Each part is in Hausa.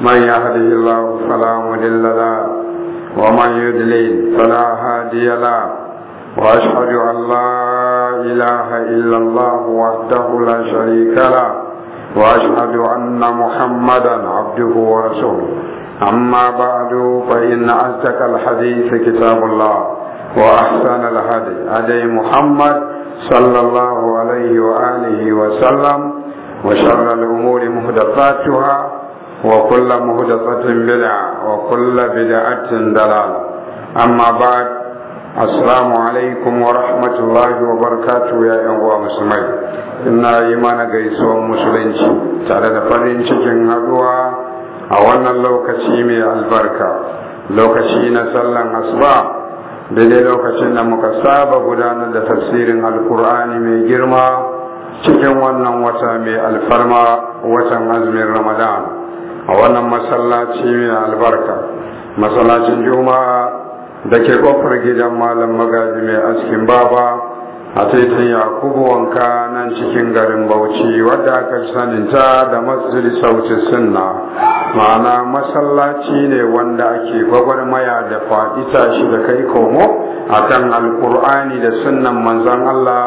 من يهده الله فلا مضل له ومن يضلل فلا هادي له واشهد ان لا اله الا الله وحده لا شريك له واشهد ان محمدا عبده ورسوله اما بعد فان اصدق الحديث كتاب الله واحسن الهدي هدي محمد صلى الله عليه واله وسلم وشر الامور محدثاتها وكل مهدفة بدعة وكل بدعة ضلالة أما بعد السلام عليكم ورحمة الله وبركاته يا أيها المسلمين إنا إيمانا gaisuwar musulunci tare da farin cikin haduwa a wannan lokaci mai albarka lokaci na sallan asuba daidai lokacin da muka saba gudanar da tafsirin alkur'ani mai girma cikin wannan wata mai alfarma watan azumin ramadan a wannan masallaci mai albarka masallacin juma'a da ke kofar gidan malam magaji mai askin baba a titin yakubu wanka nan cikin garin bauchi wadda aka saninta da masjid sauti sunna ma'ana masallaci ne wanda ake gwagwarmaya da faɗi tashi da kai komo akan alkur'ani da sunnan manzon allah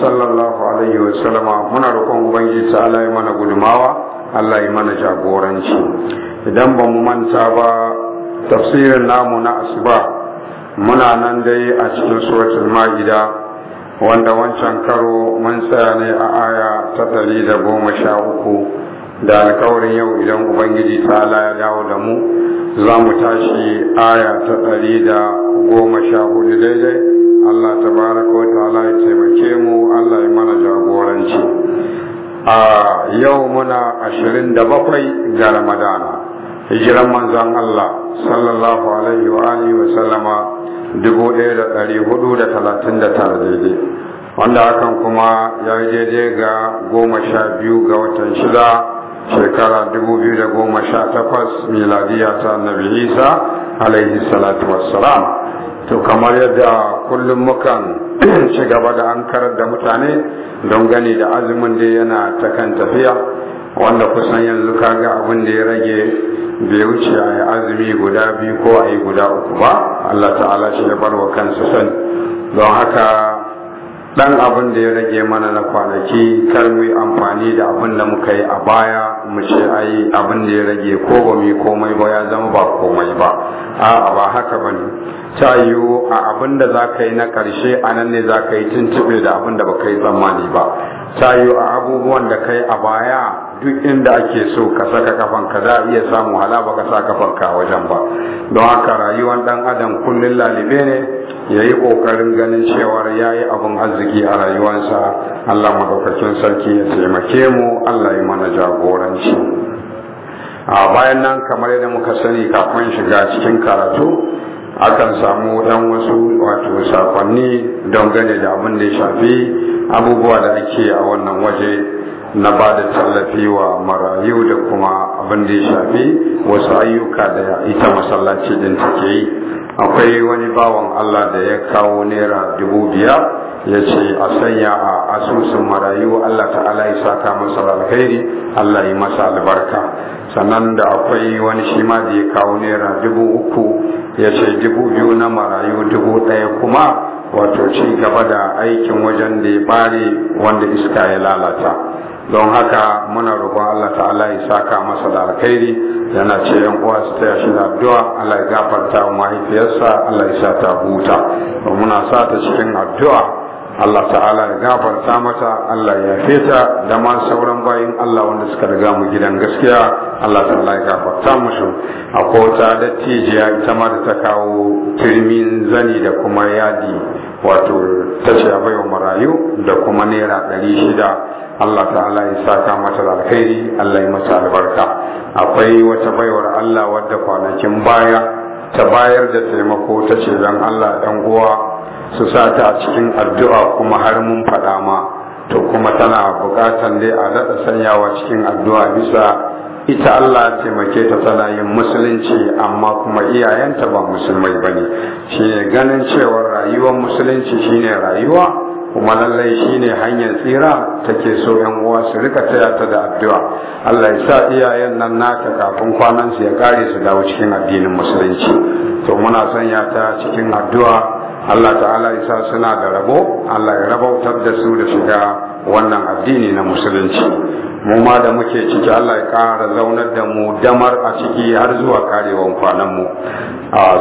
sallallahu alaihi wasallama muna roƙon ubangiji ta mana gudumawa Allah ya mana jagoranci idan ba mu manta ba tafsirin namu na asuba muna nan dai a cikin suratul ma'ida wanda wancan karo mun tsaya ne a aya ta ɗari da goma sha uku da alkawarin yau idan ubangiji ta ya dawo da mu za mu tashi aya ta ɗari da goma sha hudu daidai Allah ta baraka wa ala ya taimake mu Allah ya mana jagoranci a yau muna ashirin da bakwai ga ramadana hijiran manzan Allah sallallahu alaihi wa alihi wa sallama dubu ɗaya da ɗari hudu da talatin da tara daidai wanda hakan kuma ya yi daidai ga goma sha biyu ga watan shida shekara dubu biyu da goma sha takwas miladiya ta annabi isa alaihi salatu wassalam to kamar yadda kullum mukan ci gaba da an da mutane don gani da azumin da yana ta kan tafiya wanda kusan yanzu kaga abin da ya rage bai wuce a yi azumi guda biyu ko a yi guda uku ba Allah ta'ala shi ya bar kansu sani don haka dan abin da ya rage mana na kwanaki kar mu yi amfani da abin da muka yi a baya mu ce ai abin da ya rage ko ba mu komai ba ya zama ba komai ba a'a ba haka ba ne. ta yiwu a abin da za ka yi na karshe a nan ne za ka yi tuntuɓe da abin da ba ka yi tsammani ba ta yiwu a abubuwan da ka yi a baya duk inda ake so ka saka kafan ka za a iya samu hala ba ka sa kafan ka wajen ba don haka rayuwar ɗan adam kullum lalibe ne ya yi ƙoƙarin ganin cewar ya yi abin arziki a rayuwarsa Allah madaukakin sarki ya taimake mu Allah ya mana jagoranci a bayan nan kamar yadda muka sani kafin shiga cikin karatu akan samu ɗan wasu wato sakonni don gane da abin da ya shafi abubuwa da ake a wannan waje na ba da tallafi wa marayu da kuma abin da ya shafi wasu ayyuka da ita masallaci din take yi akwai wani bawan Allah da ya kawo naira dubu biyar ya ce a sanya a asusun marayu Allah ta'ala ya saka masa alkhairi Allah ya masa albarka sannan da akwai wani shi ma da ya kawo naira dubu uku ya ce dubu biyu na marayu dubu ɗaya kuma wato ci gaba da aikin wajen da ya bare wanda iska ya lalata don haka muna roƙon Allah ta'ala ya saka masa da alkhairi yana ce yan uwa su ta shi da addu'a Allah ya gafarta wa mahaifiyarsa Allah ya sa ta huta muna sa ta cikin addu'a Allah ta'ala ya gafarta mata Allah ya ta da ma sauran bayin Allah wanda suka riga mu gidan gaskiya Allah ta'ala ya gafarta musu akwai wata tijiya ita ma da ta kawo turmin zani da kuma yadi wato ta ce a baiwa marayu da kuma naira ɗari shida Allah ta'ala ya saka mata da alkhairi Allah ya mata albarka akwai wata baiwar Allah wadda kwanakin baya ta bayar da taimako ta ce dan Allah dan uwa su sa ta a cikin addu'a kuma har mun faɗa ma to kuma tana buƙatan dai a daɗa sanyawa cikin addu'a bisa ita Allah taimake ta tana yin musulunci amma kuma iyayenta ba musulmai bane Shi ganin cewa rayuwar musulunci shine rayuwa kuma lallai shine hanyar tsira take so yan uwa su rika taya ta da addu'a Allah ya sa iyayen nan naka kafin kwanan su ya kare su dawo cikin addinin musulunci to muna sanya ta cikin addu'a Allah ta'ala isa suna da rabo Allah ya rabautar da su da shiga wannan addini na musulunci mu ma da muke ciki Allah ya kara zaunar da mu damar a ciki har zuwa karewan kwanan mu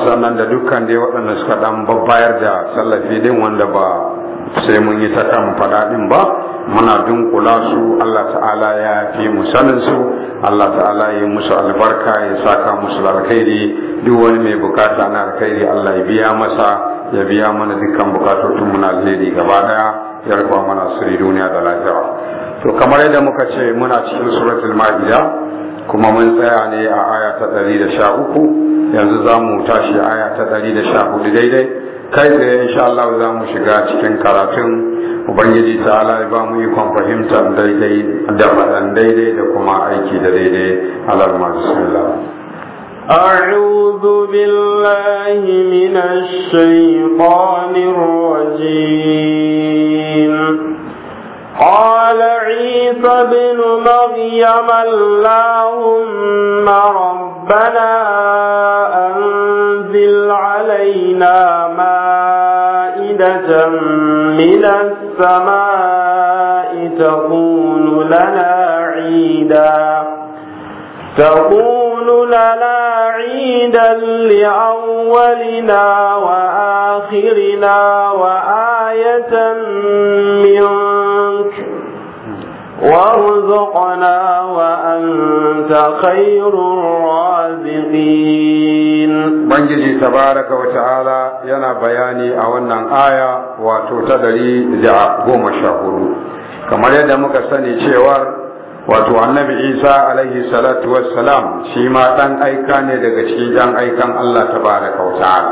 sannan da dukkan dai waɗanda suka dan babbayar da sallafi din wanda ba sai mun yi ta faɗa ɗin ba muna dunkula su Allah ta'ala ya fi sanin su Allah ta'ala ya musu albarka ya saka musu alkhairi duk wani mai bukata na alkhairi Allah ya biya masa ya biya mana dukkan bukatotun muna alheri gaba daya ya rufa mana sirri duniya da lafiya to kamar yadda muka ce muna cikin suratul ma'ida kuma mun tsaya ne a aya ta 113 yanzu za mu tashi aya ta 114 daidai kai tsaye insha Allah za mu shiga cikin karatun ubangiji ta ala ba mu ikon fahimtar daidai da faɗan daidai da kuma aiki da daidai alarma bismillah أعوذ بالله من الشيطان الرجيم قال عيسى بن مريم اللهم ربنا من السماء تقول لنا عيدا تقول لنا عيدا لأولنا وآخرنا وآية منك وارزقنا وأنت خير الرازقين بنجي تبارك وتعالى ينا بياني أولنا آية وتتدري دعا قوم الشهور كما يدى مكسني شوار wato annabi isa alaihi salatu wassalam shi ma dan aika ne daga cikin dan aikan Allah tabaraka wa ta'ala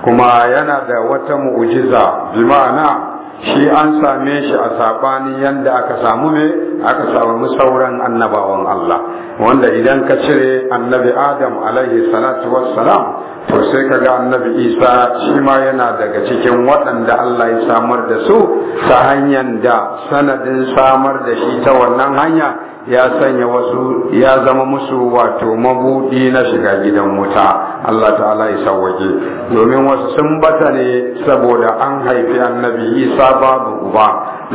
kuma yana da wata mu'jiza bi ma'ana shi an same shi a saɓanin yadda aka samu ne aka samu sauran annabawan Allah wanda idan ka cire annabi Adam alaihi salatu wassalam to sai ka ga annabi Isa shi ma yana daga cikin waɗanda Allah ya samar da su ta hanyar da sanadin samar da shi ta wannan hanya ya sanya wasu ya zama musu wato mabudi na shiga gidan wuta Allah ta'ala ya sawwaje domin wasu sun bata ne saboda an haifi annabi Isa babu uba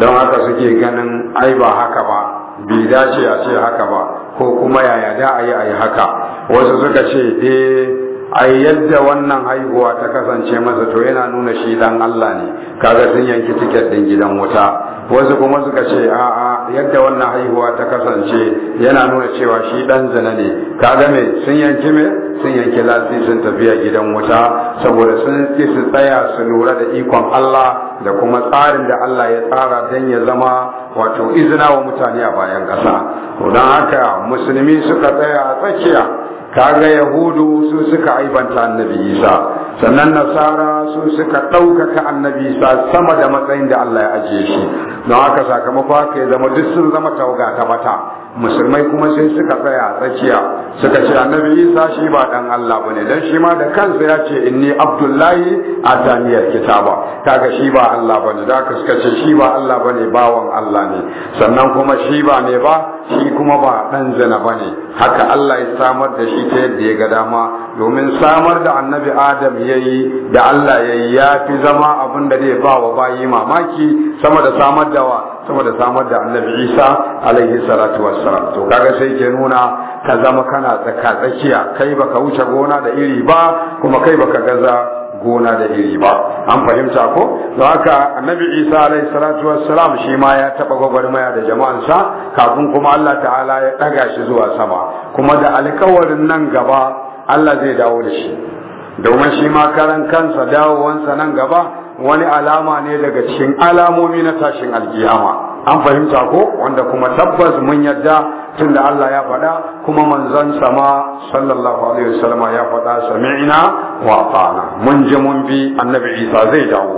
don haka suke ganin ai ba haka ba bai dace a ce haka ba ko kuma yaya da a yi haka wasu suka ce eh a yadda wannan haihuwa ta kasance masa to yana nuna shi dan Allah ne kaga sun yanki tiket din gidan wuta wasu kuma suka ce a'a yadda wannan haihuwa ta kasance yana nuna cewa shi dan zina ne kaga me sun yanki me sun yanki lasisin tafiya gidan wuta saboda sun ki su tsaya su lura da ikon Allah da kuma tsarin da Allah ya tsara dan ya zama wato izina wa mutane a bayan kasa. don haka musulmi suka tsaya a tsakiya kaga yahudu su suka aibanta annabi isa sannan nasara su suka ɗaukaka annabi isa sama da matsayin da allah ya ajiye shi don haka sakamakon haka ya zama duk sun zama tauga ta mata. musulmai kuma sai suka tsaya a tsakiya suka ce annabi isa shi ba dan Allah bane dan shi ma da kansa ya ce inni abdullahi a taniyar kitaba kaga shi ba Allah bane da ka suka ce shi ba Allah bane bawan Allah ne sannan kuma shi ba ne ba shi kuma ba dan zina bane haka Allah ya samar da shi ta yadda ya ga dama domin samar da annabi adam yayi da Allah ya yi ya fi zama abin da zai ba wa bayi mamaki sama da samar da wa saboda samar da annabi isa alaihi salatu wassalam to kaga sai ke nuna ka zama kana tsaka tsakiya kai baka wuce gona da iri ba kuma kai baka gaza gona da iri ba an fahimta ko don haka annabi isa alaihi salatu wassalam shi ma ya taba gwagwarmaya da jama'ansa kafin kuma allah ta'ala ya ɗaga shi zuwa sama kuma da alkawarin nan gaba allah zai dawo da shi domin shi ma karan kansa dawowansa nan gaba wani alama ne daga cikin alamomi na tashin alkiyama an fahimta ko wanda kuma tabbas mun yadda tunda Allah ya faɗa kuma manzon sama sallallahu alaihi wasallam ya faɗa sami'na wa ata'na mun ji mun bi annabi Isa zai dawo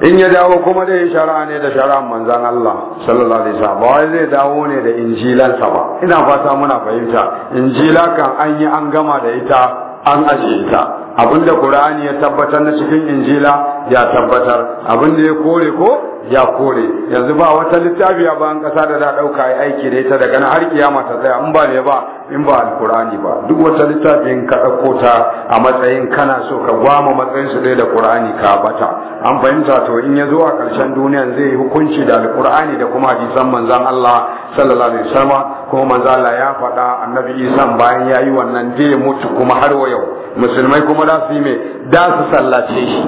in ya dawo kuma dai shari'a ne da shari'an manzan Allah sallallahu alaihi wasallam ba zai dawo ne da injilansa ba ina fata muna fahimta injila kan an yi an gama da ita an ajiye ita abinda Qur'ani ya tabbatar na cikin Injila ya tabbatar abin da ya kore ko ya kore yanzu ba wata littafi ya bayan kasa da da dauka ai aiki da ita daga na har kiyama ta tsaya in ba ne ba in ba alqur'ani ba duk wata littafin ka dauko ta a matsayin kana so ka gwama matsayin su ɗaya da qur'ani ka bata an fahimta to in ya zo a karshen duniya zai yi hukunci da alqur'ani da kuma hadisan manzon Allah sallallahu alaihi wasallam kuma manzon Allah ya faɗa annabi Isa bayan yayi wannan je mutu kuma har wa yau musulmai kuma da su yi me da su sallace shi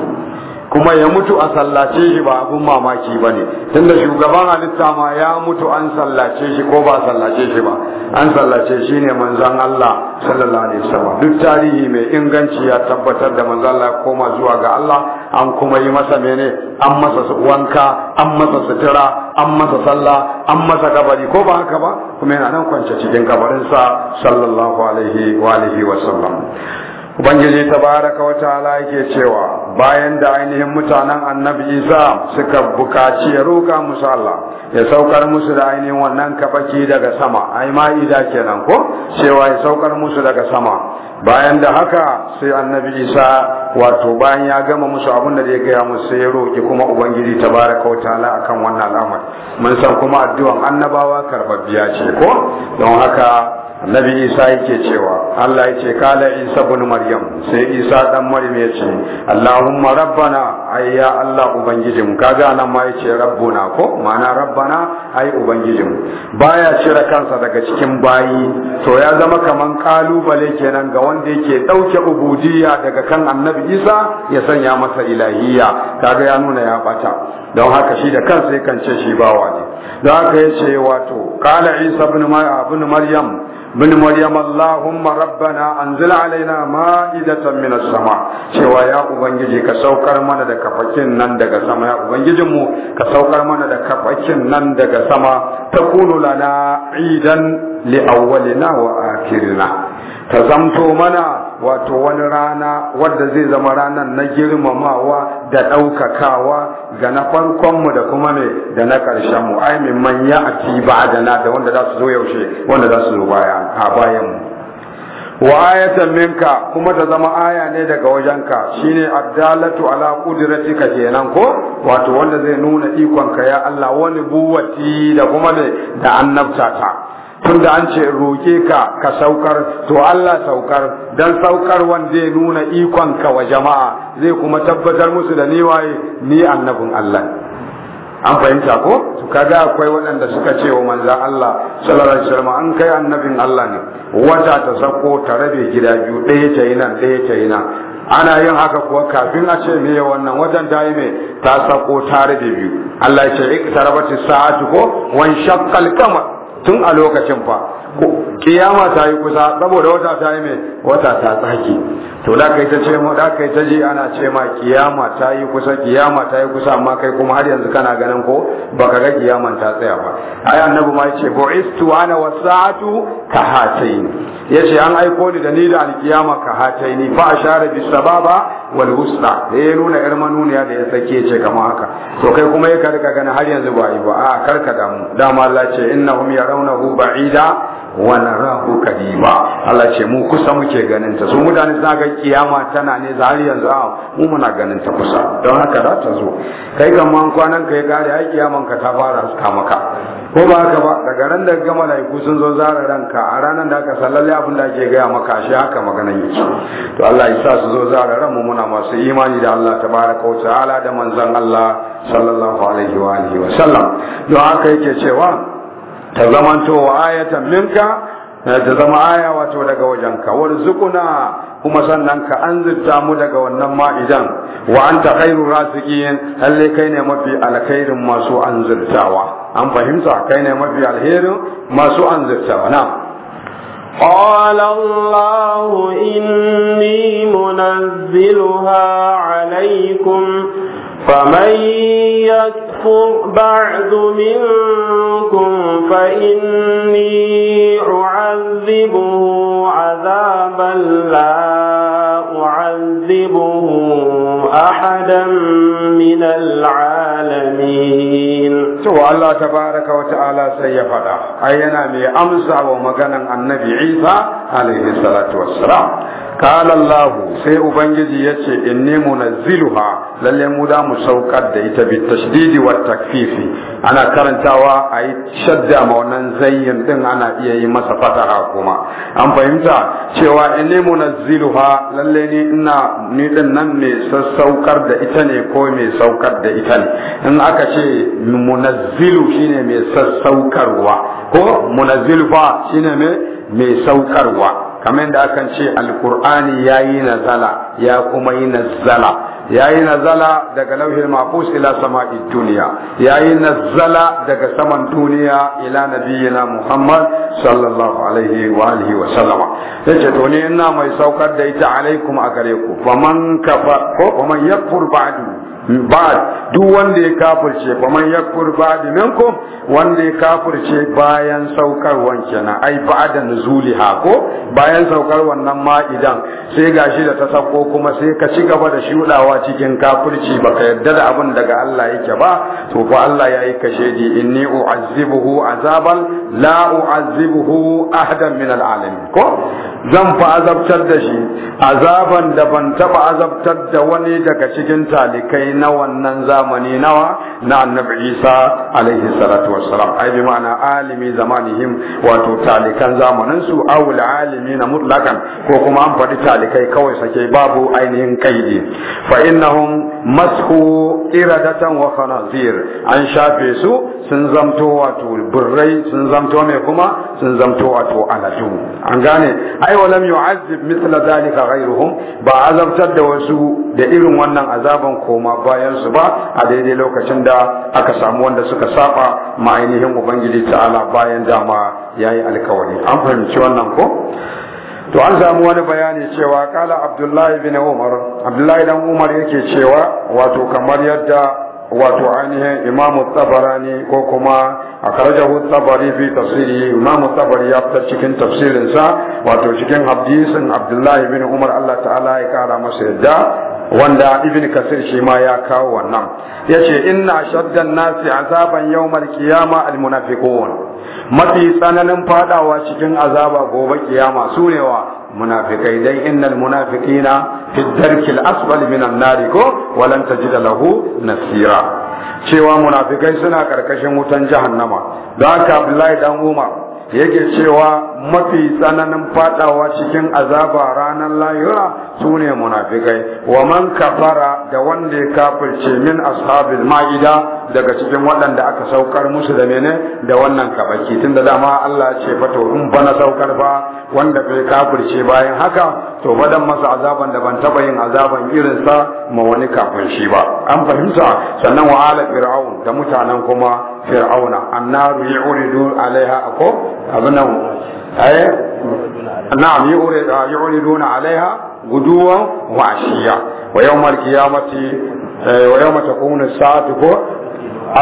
kuma ya mutu a sallace shi ba abun mamaki ba ne tunda shugaban halitta ma ya mutu an sallace shi ko ba sallace shi ba an sallace shi ne manzan Allah sallallahu alaihi wasallam duk tarihi mai inganci ya tabbatar da manzan Allah koma zuwa ga Allah an kuma yi masa mene an masa wanka an masa sutura an masa sallah an masa kabari ko ba haka ba kuma yana nan kwance cikin kabarinsa sallallahu alaihi wa alihi wasallam ubangiji tabaraka wa ta'ala yake cewa bayan da ainihin mutanen annabi isa suka bukaci ya roka musu Allah ya saukar musu da ainihin wannan kafaki daga sama ai ma'ida kenan ko cewa ya saukar musu daga sama bayan da haka sai annabi isa wato bayan ya gama musu abin da ya gaya musu sai ya roki kuma ubangiji ta wa ta'ala akan wannan al'amari mun san kuma addu'an annabawa karbabbiya ce ko don haka Annabi Isa yake cewa Allah ya kala Isa bani Maryam sai Isa dan Maryam ya ce Allahumma rabbana ai ya Allah ubangijin kaga nan ma yace rabbuna ko mana rabbana ai ubangijin baya cire kansa daga cikin bayi to ya zama kaman kalubale kenan ga wanda yake dauke ubudiyya daga kan Annabi Isa ya sanya masa ilahiyya kaga ya nuna ya bata don haka shi da kansa yakan ce shi bawa ne don haka yace wato kala Isa ibn Maryam بن مريم اللهم ربنا أنزل علينا مائدة من السماء cewa ya ubangiji ka saukar mana da kafakin nan daga sama ya ubangijinmu ka saukar mana da kafakin nan daga sama ta kunu lana idan li awwalina wa akhirina ta zamto mana wato wani rana wadda zai zama ranar na girmamawa da ɗaukakawa ga na farkonmu da kuma ne da na ƙarshenmu ai min manya a ci ba da na da wanda za su zo yaushe wanda za su zo baya a bayanmu wa ayatan minka kuma ta zama aya ne daga wajenka shine abdalatu ala qudratika kenan ko wato wanda zai nuna ikonka ya Allah wani buwati da kuma ne da annabta ta tunda an ce roke ka ka saukar to Allah saukar dan saukar wanda ya nuna ikon ka wa jama'a zai kuma tabbatar musu da ni waye ni annabin Allah an fahimta ko to kaga akwai waɗanda suka ce wa manzon Allah sallallahu alaihi wasallam an kai annabin Allah ne wata ta sako ta rabe gida biyu ɗaya ta yi nan ɗaya ta yi nan ana yin haka kuwa kafin a ce meye wannan wajen ta yi mai ta sako ta rabe biyu Allah ya ce iktarabatis sa'atu ko wan shaqqal qamar tun a lokacin fa kiyama ta yi kusa saboda wata ta yi mai wata ta tsaki to da kai ta ce mu da kai ta ji ana ce ma kiyama ta yi kusa kiyama ta yi kusa amma kai kuma har yanzu kana ganin ko baka ga kiyaman ta tsaya ba ai annabi ma yace bu'istu ana wasa'atu kahatayn yace an aiko ni da ni da alkiyama ni fa ashara bisababa ba. wal wusta da ya nuna yar manuniya da ya sake ce kamar haka to kai kuma ya karka gani har yanzu ba yi ba a karka damu dama Allah ce innahum yarawnahu ba'ida wa narahu qariba Allah ce mu kusa muke ganin ta su mutane suna ga kiyama tana ne za har yanzu a mu muna ganin ta kusa don haka za ta zo kai kaman kwanan ka ya a ai kiyaman ka ta fara suka maka ko ba haka ba daga ran da da malaiku sun zo zara ranka a ranar da aka sallalle abin da ake gaya maka shi haka maganan yake to Allah ya sa su zo zara mu muna masu imani da Allah tabaraka wa ta'ala da manzon Allah sallallahu alaihi wa wa sallam don haka yake cewa ta wa ayatan minka eh, ta zama aya wato daga wajenka warzuquna kuma sannan ka anzurta mu daga wannan ma'idan wa anta khairur rasiqin halle kai ne mafi alkhairin masu anzurtawa an fahimta kai ne mafi alherin masu anzurtawa na قال الله إني منزلها عليكم فمن يكفر بعد منكم فإني أعذبه عذابا لا أعذبه أحدا من العالمين سوى الله تبارك وتعالى سيفدا أينا مي أمسى ومغنى النبي عيسى عليه الصلاة والسلام قال الله سيء بنجي يتشي إني منزلها lalle mu da mu saukar da ita bi tashdidi wa takfifi ana karantawa a yi shadda ma wannan zayyin din ana iya yi masa fataha kuma an fahimta cewa inni munazziluha lalle ni ina ni din nan ne sassaukar da ita ne ko mai saukar da ita ne in aka ce munazzilu shine mai sassaukarwa ko munazzilu fa shine mai saukarwa kamar da akan ce alkur'ani yayi nazala ya kuma yi nazala yayi nazala daga lauhin mafus ila sama'i duniya yayi nazala daga saman duniya ila nabiyina muhammad sallallahu alaihi wa alihi wa sallama yace to ne ina mai saukar da ita alaikum a gare ku faman kafa ko faman yakfur ba'du ba duk wanda ya kafirce ba man yakfur ba'd minkum wanda ya kafirce bayan saukar wancan ai da nuzuli ha ko bayan saukar wannan ma'idan sai gashi da ta sako kuma sai ka ci gaba da shudawa cikin kafirci baka yarda da abin daga Allah yake ba to fa Allah ya yi kashe ji inni u'azzibuhu azaban la u'azzibuhu ahadan min al'alamin ko zan fi azabtar da shi azaban da ban taba azabtar da wani daga cikin talikai na wannan zamani nawa na annabi isa alaihi salatu wassalam ai bi ma'ana alimi zamanihim wato talikan zamanin su awul alimi na mutlakan ko kuma an faɗi talikai kawai sake babu ainihin kaidi fa innahum mashu iradatan wa khanazir an shafe su sun zamto wato burrai sun zamto mai kuma sun zamto wato aladu an gane ai wa lam yu'azzib mithla zalika ghayruhum ba azabtar da wasu da irin wannan azaban koma bayan su ba a daidai lokacin da aka samu wanda suka saba ma'ainihin ubangiji ta'ala bayan dama yayi alkawari an fahimci wannan ko to an samu wani bayani cewa kala abdullahi bin umar abdullahi dan umar yake cewa wato kamar yadda wato ainihin imamu tabarani ko kuma a tabari fi tafsiri imamu tabari ya fitar cikin tafsirinsa wato cikin hadisin abdullahi bin umar allah ta'ala ya kara masa yadda wanda ibn kasir shi ma ya kawo wannan yace inna shaddan nasi azaban yaumar kiyama al munafiqun mafi tsananin fadawa cikin azaba gobe kiyama sune wa munafikai dai innal munafiqina fi darkil asfali minan nari ko walan tajida lahu nasira cewa munafikai suna karkashin wutan jahannama don haka abdullahi dan umar yake cewa mafi tsananin fadawa cikin azaba ranar lahira su ne munafikai wa man kafara da wanda ya kafirce min ashabil ma'ida daga cikin waɗanda aka saukar musu da mene da wannan kabaki tunda dama Allah ya ce fa to in bana na saukar ba wanda bai kafirce bayan haka to badan masa azaban da ban taba yin azaban irin sa ma wani kafin shi ba an fahimta sannan wa ala fir'aun da mutanen kuma fir'auna annaru yu'ridu alaiha ako abinan eh? ay na'am ah, yu'riduna alaiha guduwan wa ashiya wa yawmal qiyamati eh, wa yawma takunu as-sa'atu ko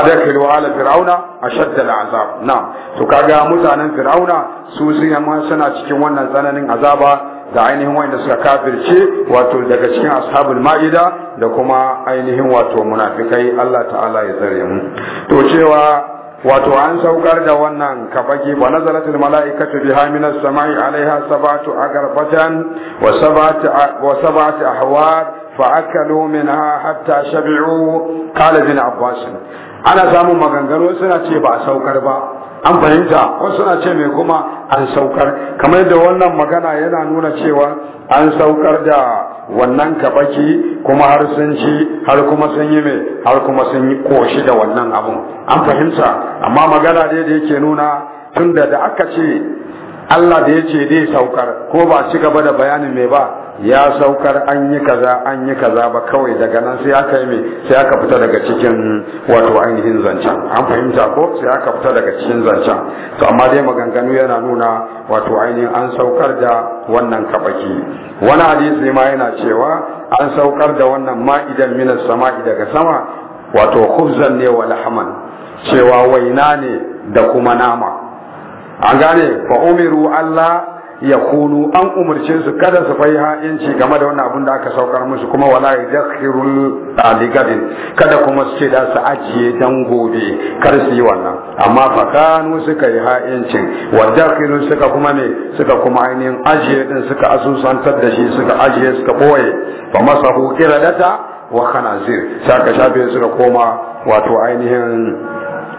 adakhilu ala fir'auna ashadda al'azab na'am to kaga mutanen fir'auna su sun suna cikin wannan tsananin azaba ga ainihin wanda suka kafirce wato daga cikin ashabul ma'ida da kuma ainihin wato munafikai Allah ta'ala ya tsare mu to cewa wato an saukar da wannan kafaki wa nazalatul mala'ikatu biha min as-sama'i 'alayha sab'atu agarbatan wa sab'atu wa sab'atu ahwad minha hatta shabi'u qala abbas ana samun maganganu suna ce ba saukar ba an fahimta wasu suna ce mai kuma an saukar kamar da wannan magana yana nuna cewa an saukar da wannan kabaki kuma har sun ci har kuma sun yi mai har kuma sun yi koshi da wannan abun an fahimta amma magana dai da yake nuna tunda da aka ce Allah da ya ce zai saukar ko ba ci gaba da bayanin mai ba ya saukar an yi kaza an yi kaza ba kawai daga nan sai aka yi mai sai aka fita daga cikin wato ainihin zancen an fahimta ko sai aka fita daga cikin zancen to amma dai maganganu yana nuna wato ainihin an saukar da wannan kabaki wani hadisi ma yana cewa an saukar da wannan ma'idan minas sama'i daga sama wato khubzan ne wa lahaman cewa waina ne da kuma nama an gane fa umiru Allah ya kunu an umarce su kada su fai ha'inci game da wannan abun da aka saukar musu kuma wala yadkhirul aligadin kada kuma su ce da su ajiye dan gobe kar su yi wannan amma fa kanu suka yi ha'incin wa dakhiru suka kuma ne suka kuma ainihin ajiye din suka asusantar da shi suka ajiye suka boye fa masahu kiradata wa khanazir saka shafe suka koma wato ainihin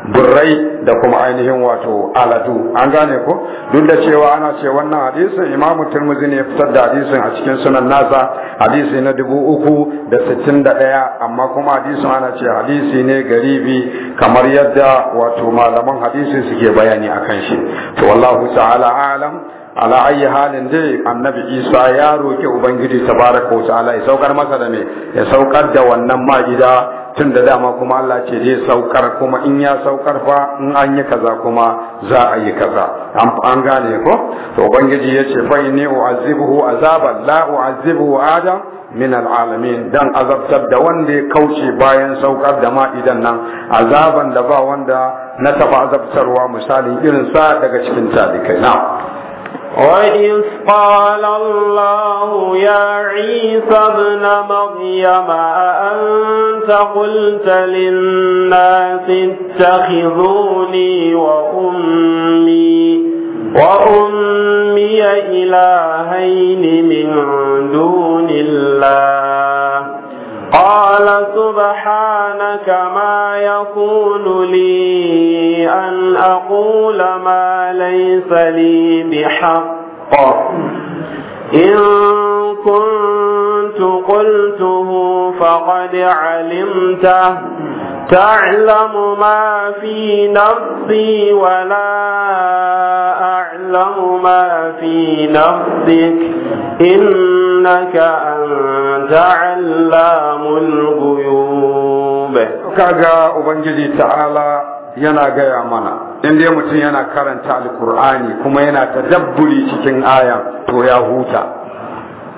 durrai da kuma ainihin wato aladu an gane ko duk da cewa ana ce wannan hadisin imam turmuzi ne fitar da hadisin a cikin sunan nasa hadisi na dubu uku da sittin da ɗaya amma kuma hadisin ana ce hadisi ne garibi kamar yadda wato malaman hadisi suke bayani a kan shi to wallahu ta'ala alam ala ayi halin dai annabi isa ya roki ubangiji tabaraka wa ta'ala ya saukar masa da me ya saukar da wannan gida. tun da dama kuma Allah ce zai saukar kuma in ya saukar fa in an yi kaza kuma za a yi kaza an gane ko to ubangiji ya ce fa inni u'azibuhu azaban la u'azibuhu adam min al'alamin dan azabtar da wanda ya kauce bayan saukar da ma idan nan azaban da ba wanda na taba azabtarwa misalin irin sa daga cikin talikai na وإذ قال الله يا عيسى ابن مريم أأنت قلت للناس اتخذوني وأمي وأمي إلهين من دون الله قال سبحانك ما يقول لي أن أقول ما ليس لي بحق إن كنت قلته فقد علمته تعلم ما في نفسي ولا أعلم ما في نفسك إنك أنت علام الغيوب كاغا أبنجي تعالى ينا غيا in dai mutum yana karanta alkur'ani kuma yana ta tadabburi cikin aya to ya huta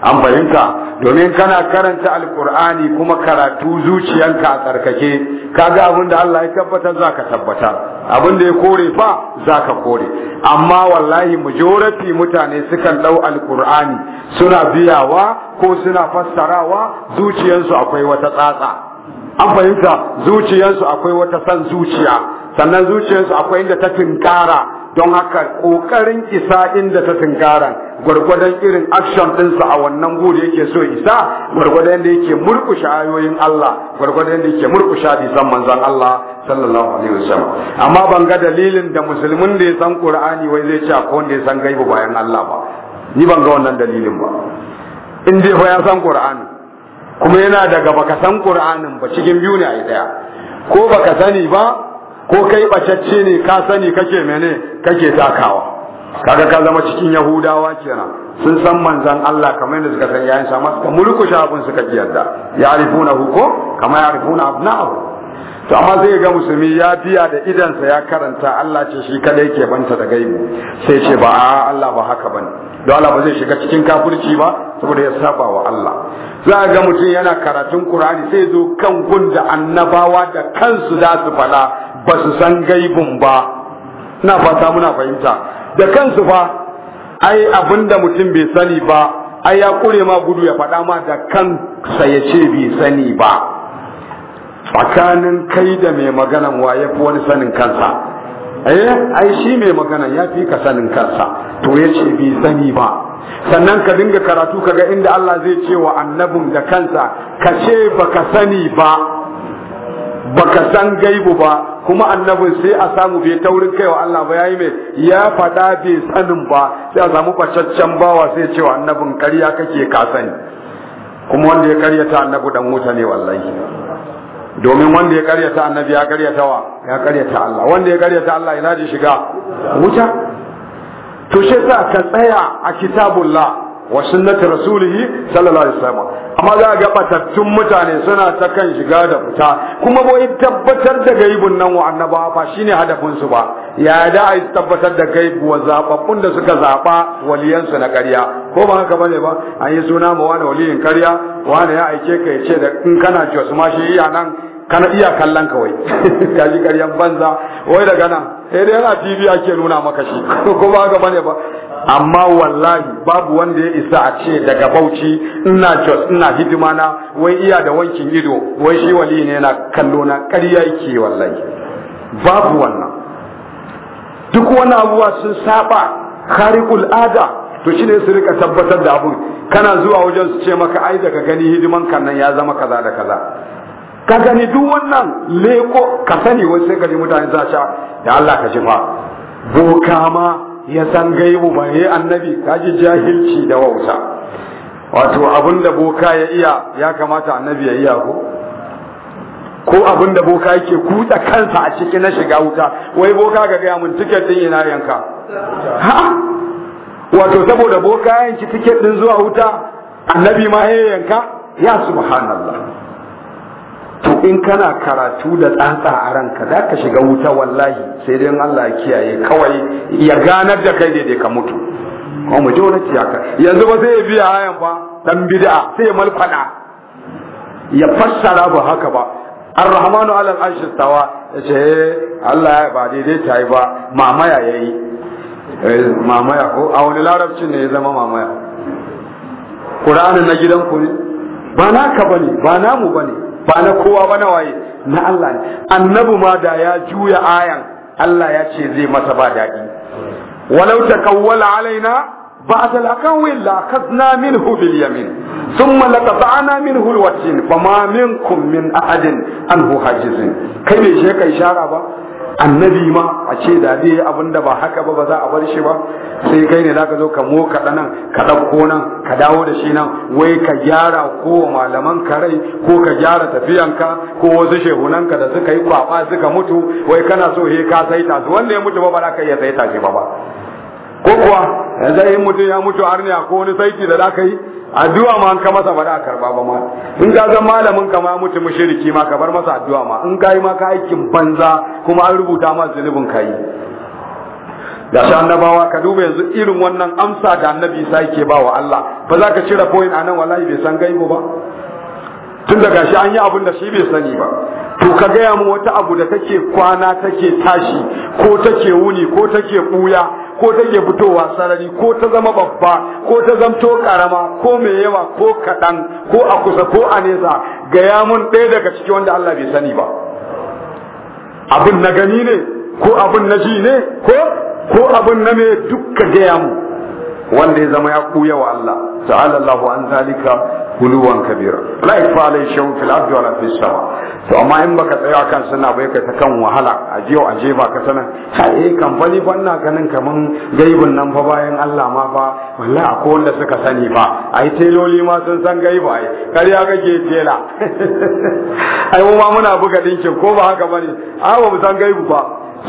an fahimta domin kana karanta alkur'ani kuma karatu zuciyanka a tsarkake kaga abin da Allah ya tabbata za ka tabbata abin da ya kore fa za ka kore amma wallahi majority mutane sukan ɗau alkur'ani suna biyawa ko suna fassarawa zuciyansu akwai wata tsatsa an fahimta zuciyansu akwai wata san zuciya sannan zuciyansu akwai inda ta tinkara don haka kokarin isa inda ta tunkara gwargwadon irin action dinsa a wannan gudu yake so isa gwargwadon da yake murkushe ayoyin Allah gwargwadon da yake murkushe san manzon Allah sallallahu alaihi wasallam amma ban ga dalilin da musulmin da ya san Qur'ani wai zai ce akwai wanda ya san gaibu bayan Allah ba ni ban ga wannan dalilin ba in dai fa ya san Qur'ani kuma yana daga baka san Qur'anin ba cikin biyu ne a daya ko baka sani ba ko kai bacacce ne ka sani kake mene kake takawa kaga ka zama cikin yahudawa kenan sun san manzan Allah kamar yadda suka san yayin sa suka mulku shafin suka ji yadda ya'rifuna hu ko kamar ya'rifuna abna'ahu to amma zai ga musulmi ya biya da sa ya karanta Allah ce shi kadai ke banta da gaibu sai ce ba a Allah ba haka bane don Allah ba zai shiga cikin kafirci ba saboda ya saba wa Allah za ga mutum yana karatun Qur'ani sai zo kan gun da annabawa da kansu za su fada ba su san gaibun ba na fata muna fahimta da kansu fa ai abinda mutum bai sani ba ai ya kure ma gudu ya faɗa ma da kansa ya ce bai sani ba tsakanin kai da mai maganan wa ya fi wani sanin kansa eh ai shi mai magana ya fi ka sanin kansa to ya ce bai sani ba sannan ka dinga karatu kaga inda Allah zai ce wa annabin da kansa ka ce baka sani ba baka san gaibu ba kuma annabin sai a samu bai taurin kaiwa Allah ba yayi mai ya faɗa bai sanin ba sai a samu bacaccen bawa sai cewa annabin ƙarya kake ka sani kuma wanda ya ta annabi dan wuta ne wallahi domin wanda ya ta annabi ya ta wa ya ta Allah wanda ya ta Allah ina ji shiga wuta to shi sa ka tsaya a kitabullah wa sunnati rasulihi sallallahu alaihi wasallam amma za ga batattun mutane suna ta kan shiga da fita kuma wai tabbatar da gaibun nan wa annabawa fa shine hadafin su ba ya da a tabbatar da gaibu wa zababbun da suka zaba waliyan su na ƙarya ko ba haka bane ba an yi suna ma wani waliyin ƙarya wani ya aike ka ce da in kana ci wasu ma shi iya nan kana iya kallon kawai ka ji ƙaryan banza wai daga nan sai dai yana tv ake nuna maka shi ko ba haka bane ba amma wallahi babu wanda ya isa a ce daga bauchi ina jos ina hidima na wai iya da wankin ido wai shi wali ne yana kallo na ƙarya yake wallahi babu wannan duk wani abubuwa sun saba khariqul ada to shine su rika tabbatar da abun kana zuwa wajen su ce maka ai daga gani hidiman kan nan ya zama kaza da kaza ka gani duk wannan leko ka sani wai sai gani mutane za da Allah ka ji fa boka ma ya san gaibu ba yi annabi kaji jahilci da wauta wato abinda boka ya iya ya kamata annabi ya iya ko ko abinda boka yake kutsa kansa a cikin na shiga wuta wai boka ga gaya mun tiket din ina yanka ha wato saboda boka yanki tiket din zuwa wuta annabi ma ya yanka ya subhanallah to in kana karatu da tsantsa a ranka za ka shiga wuta wallahi sai dai Allah ya kiyaye kawai ya ganar da kai daidai ka mutu kuma mu ji wani tiyaka yanzu ba sai ya biya hayan ba dan bid'a sai ya malfada ya fassara ba haka ba ar-rahmanu ala al-arshi stawa ce eh, Allah ba daidai ta yi ba mamaya yayi eh, mamaya ko a wani larabcin ne ya zama mamaya Qur'anin na ku ne ba naka bane ba namu bane ba na kowa ba na waye na Allah ne annabi ma da ya juya ayan Allah ya ce zai masa ba daɗi walau takawwala alaina ba'd al-aqawil la kadna min bil yamin thumma laqata'na minhu min watin fama minkum min ahadin anhu hajizin kai bai shi kai shara ba annabi ma a ce da zai abin da ba haka ba ba za a bar shi ba sai kai ne zaka zo ka mo ka nan ka ɗauko nan ka dawo da shi nan wai ka gyara ko malaman ka rai ko ka gyara tafiyanka ko wasu shehunanka da suka yi kwaba suka mutu wai kana so he ka saita su wanda ya mutu ba ba za ka iya saita shi ba ba ko kuwa yanzu in mutum ya mutu har ne ko wani saiti da zaka yi addu'a ma an ka masa ba da karba ba ma in ka ga malamin ka ma mutu mushriki ma ka bar masa addu'a ma in kai ma ka aikin banza kuma an rubuta ma zunubin kai da shi annabawa ka duba yanzu irin wannan amsa da annabi sa yake ba wa Allah ba za ka cire point nan wallahi bai san gaibo ba tun daga shi an yi abin da shi bai sani ba to ka gaya mu wata abu da take kwana take tashi ko take wuni ko take buya ko take fitowa sarari ko ta zama babba ko ta zamto karama ko mai yawa ko kaɗan ko a kusa ko a nesa gaya mun ɗaya daga ciki wanda Allah bai sani ba abin na gani ne ko abin na ji ne ko ko abin na me dukka gaya mu wanda ya zama ya kuya wa Allah ta'ala Allahu an zalika huluwan kabira la alai fis to amma in baka tsaya kan suna bai ka ta kan wahala a jiyo a je ba ka sana kai eh, kamfani fa ina ganin kaman gaibin nan fa bayan Allah ma fa wallahi akwai wanda suka sani fa ai teloli ma sun san gaiba ai kariya kake tela ai mu ma muna buga dinkin ko ba haka bane a ba mu san gaibu ba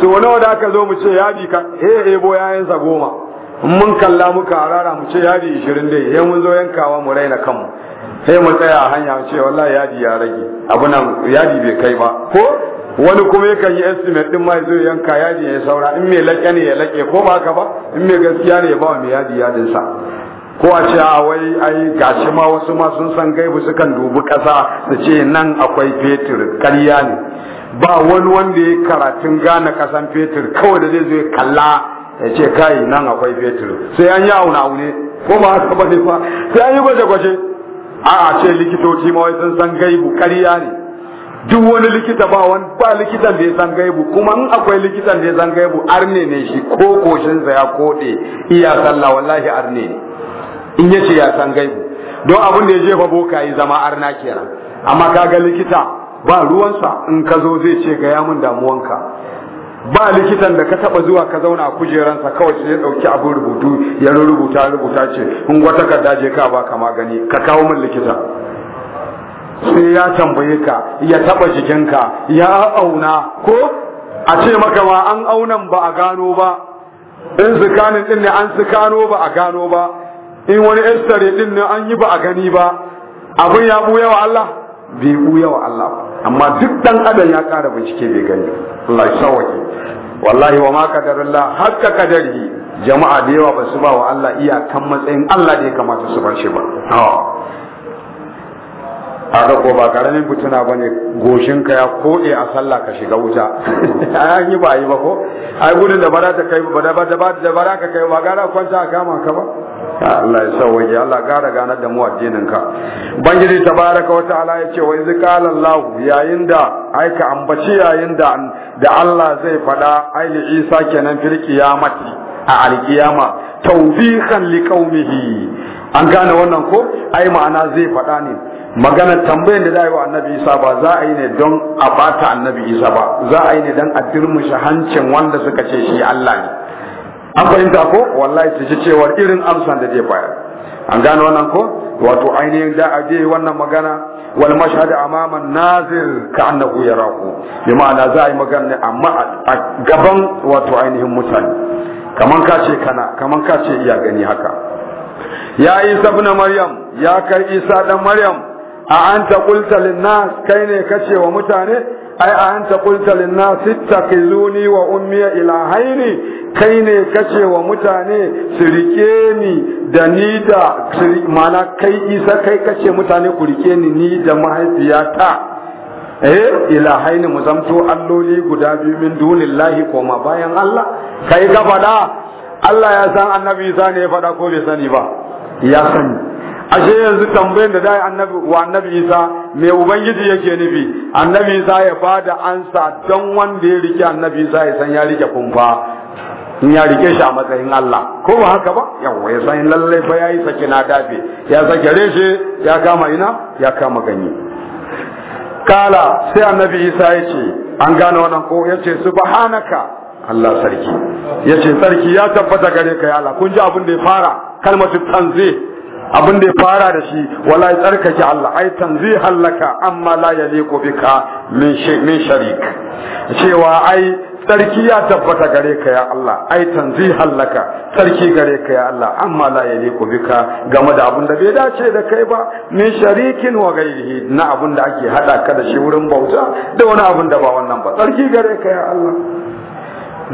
so wani wanda aka zo mu ce bi ka eh eh bo yayin sa goma mun kalla muka harara mu ce bi 20 dai yayin mun zo yankawa mu raina kanmu sai mu tsaya a hanya ce wallahi yadi ya rage abu nan yadi bai kai ba ko wani kuma yakan yi estimate din ma zai yanka yadi ya saura in mai laƙe ne ya laƙe ko ba haka ba in mai gaskiya ne ya ba mai yadi yadin sa ko a ce a wai ai gashi ma wasu ma sun san gaibu sukan dubi ƙasa su ce nan akwai fetur ƙarya ne ba wani wanda ya karatun gane kasan fetur kawai da zai zo kalla ya ce kai nan akwai fetur sai an yi auna aune ko ba haka ba sai an yi gwaje-gwaje A'a ce likitoci ma sun san gaibu kariya ne duk wani likita ba wani ba likitan da ya san gaibu kuma in akwai likitan da ya san gaibu arne ne shi ko koshinsa ya koɗe iya sallah wallahi arne ne in ya ce ya san gaibu don abin da ya jefa boka yi zama arna kenan amma kaga likita ba ruwansa in ka zo zai ce ga yamin damuwanka ba likitan da ka taba zuwa ka zauna a kujeransa kawai sai ya dauki abin rubutu ya rubuta rubuta ce in wata kadda je ka ka magani ka kawo min likita sai ya tambaye ka ya taba jikinka ya auna ko a ce maka ma an aunan ba a gano ba in zikanin din ne an zikano ba a gano ba in wani estare din ne an yi ba a gani ba abin ya buya wa Allah bai buya wa Allah amma duk dan adam ya kara bincike bai gani Allah ya sawake wallahi wa ma har hakka kadari jama'a da yawa ba su ba wa Allah iya kan matsayin Allah da ya kamata su bar shi ba ga ko ba karamin fituna bane goshin ka ya koɗe a sallah ka shiga wuta an yi ba yi ba ko ai gudun da ba ta kai ba da ba da bara ka kai ba gara kwanta a kama ka ba Allah ya sa waje Allah gara ganar da mu addinin ka bangiji tabaraka wa ta'ala ce wa iz qala Allah yayin da aika ambaci yayin da da Allah zai faɗa aili Isa kenan fil kiyamati a alkiyama tawbihan liqaumihi an gane wannan ko ai ma'ana zai faɗa ne Magana tambayar da za a yi wa annabi isa ba za a yi ne don a bata annabi isa ba za a yi ne don a dirmushi hancin wanda suka ce shi Allah ne an fahimta ko wallahi su ji cewar irin amsan da zai bayar an gane wannan ko wato ainihin da a je wannan magana wal mashhad amama nazir ka annahu yarahu bi ma'ana za a yi magana ne amma a gaban wato ainihin mutane kaman ka ce kana kaman ka ce iya gani haka ya isa ibn maryam ya kai isa dan maryam a anta qulta lin nas kai ne kace wa mutane ai a hanta kulta lin nas ittakizuni wa ummi haini kai ne kace wa mutane su rike ni da ni da mana kai isa kai kace mutane ku rike ni ni da mahaifiyata eh ila haini mu zamto alloli guda biyu min dunillahi koma bayan Allah kai ka fada Allah ya san annabi Isa ne ya fada ko bai sani ba ya sani ashe yanzu tambayar da dai annabi wa annabi Isa me ubangiji yake nufi annabi Isa ya bada ansa don wanda ya rike annabi Isa ya san ya rike kumfa in ya rike shi a matsayin Allah ko ba haka ba yawa ya san lallai fa yayi sake na dafe ya sake reshe ya kama ina ya kama ganye kala sai annabi Isa ya ce an gane wannan ko ya ce subhanaka Allah sarki ya ce sarki ya tabbata gare ka ya Allah kun ji abin da ya fara kalmatu tanzih abin da ya fara da shi wala ya tsarkake Allah ai tanzihan laka amma la yaliqu bika min min sharik cewa ai tsarki ya tabbata gare ka ya Allah ai tanzihan laka tsarki gare ka ya Allah amma la yaliqu bika game da abin da bai dace da kai ba min sharikin wa gairihi na abin da ake hada ka da shi wurin bauta da wani abin da ba wannan ba tsarki gare ka ya Allah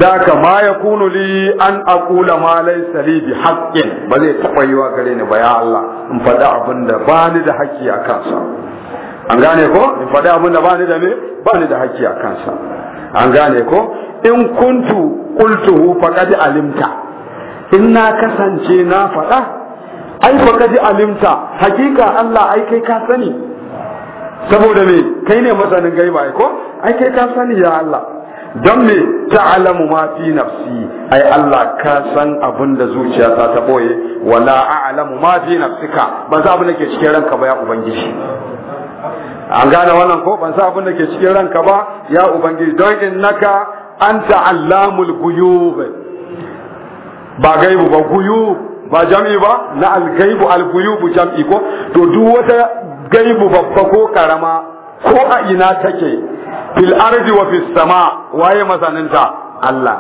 da ma ya kunu li an aqula ma laysa li bi haqqin ba zai taba yiwa gare ni ba ya Allah in faɗi abin da ba ni da haƙƙi a kansa an gane ko in faɗi abin da ba ni da me ba ni da haƙƙi a kansa an gane ko in kuntu qultu faqad alimta in na kasance na faɗa ai faqad alimta hakika Allah ai kai ka sani saboda me kai ne masanin gaiba ko ai kai ka sani ya Allah don me ta'lamu ma fi nafsi ai Allah ka san abin da zuciya ta boye wala a'lamu ma fi nafsika ban sa abin da ke cikin ranka ba ya ubangiji an gane wannan ko ban sa abin da ke cikin ranka ba ya ubangiji don innaka anta allamul ghuyub ba gaibu ba ghuyub ba jam'i ba na al gaibu al-ghuyub jam'i ko to duk wata gaibu babba ko karama ko a ina take fil ardi wa fis sama waye masaninta Allah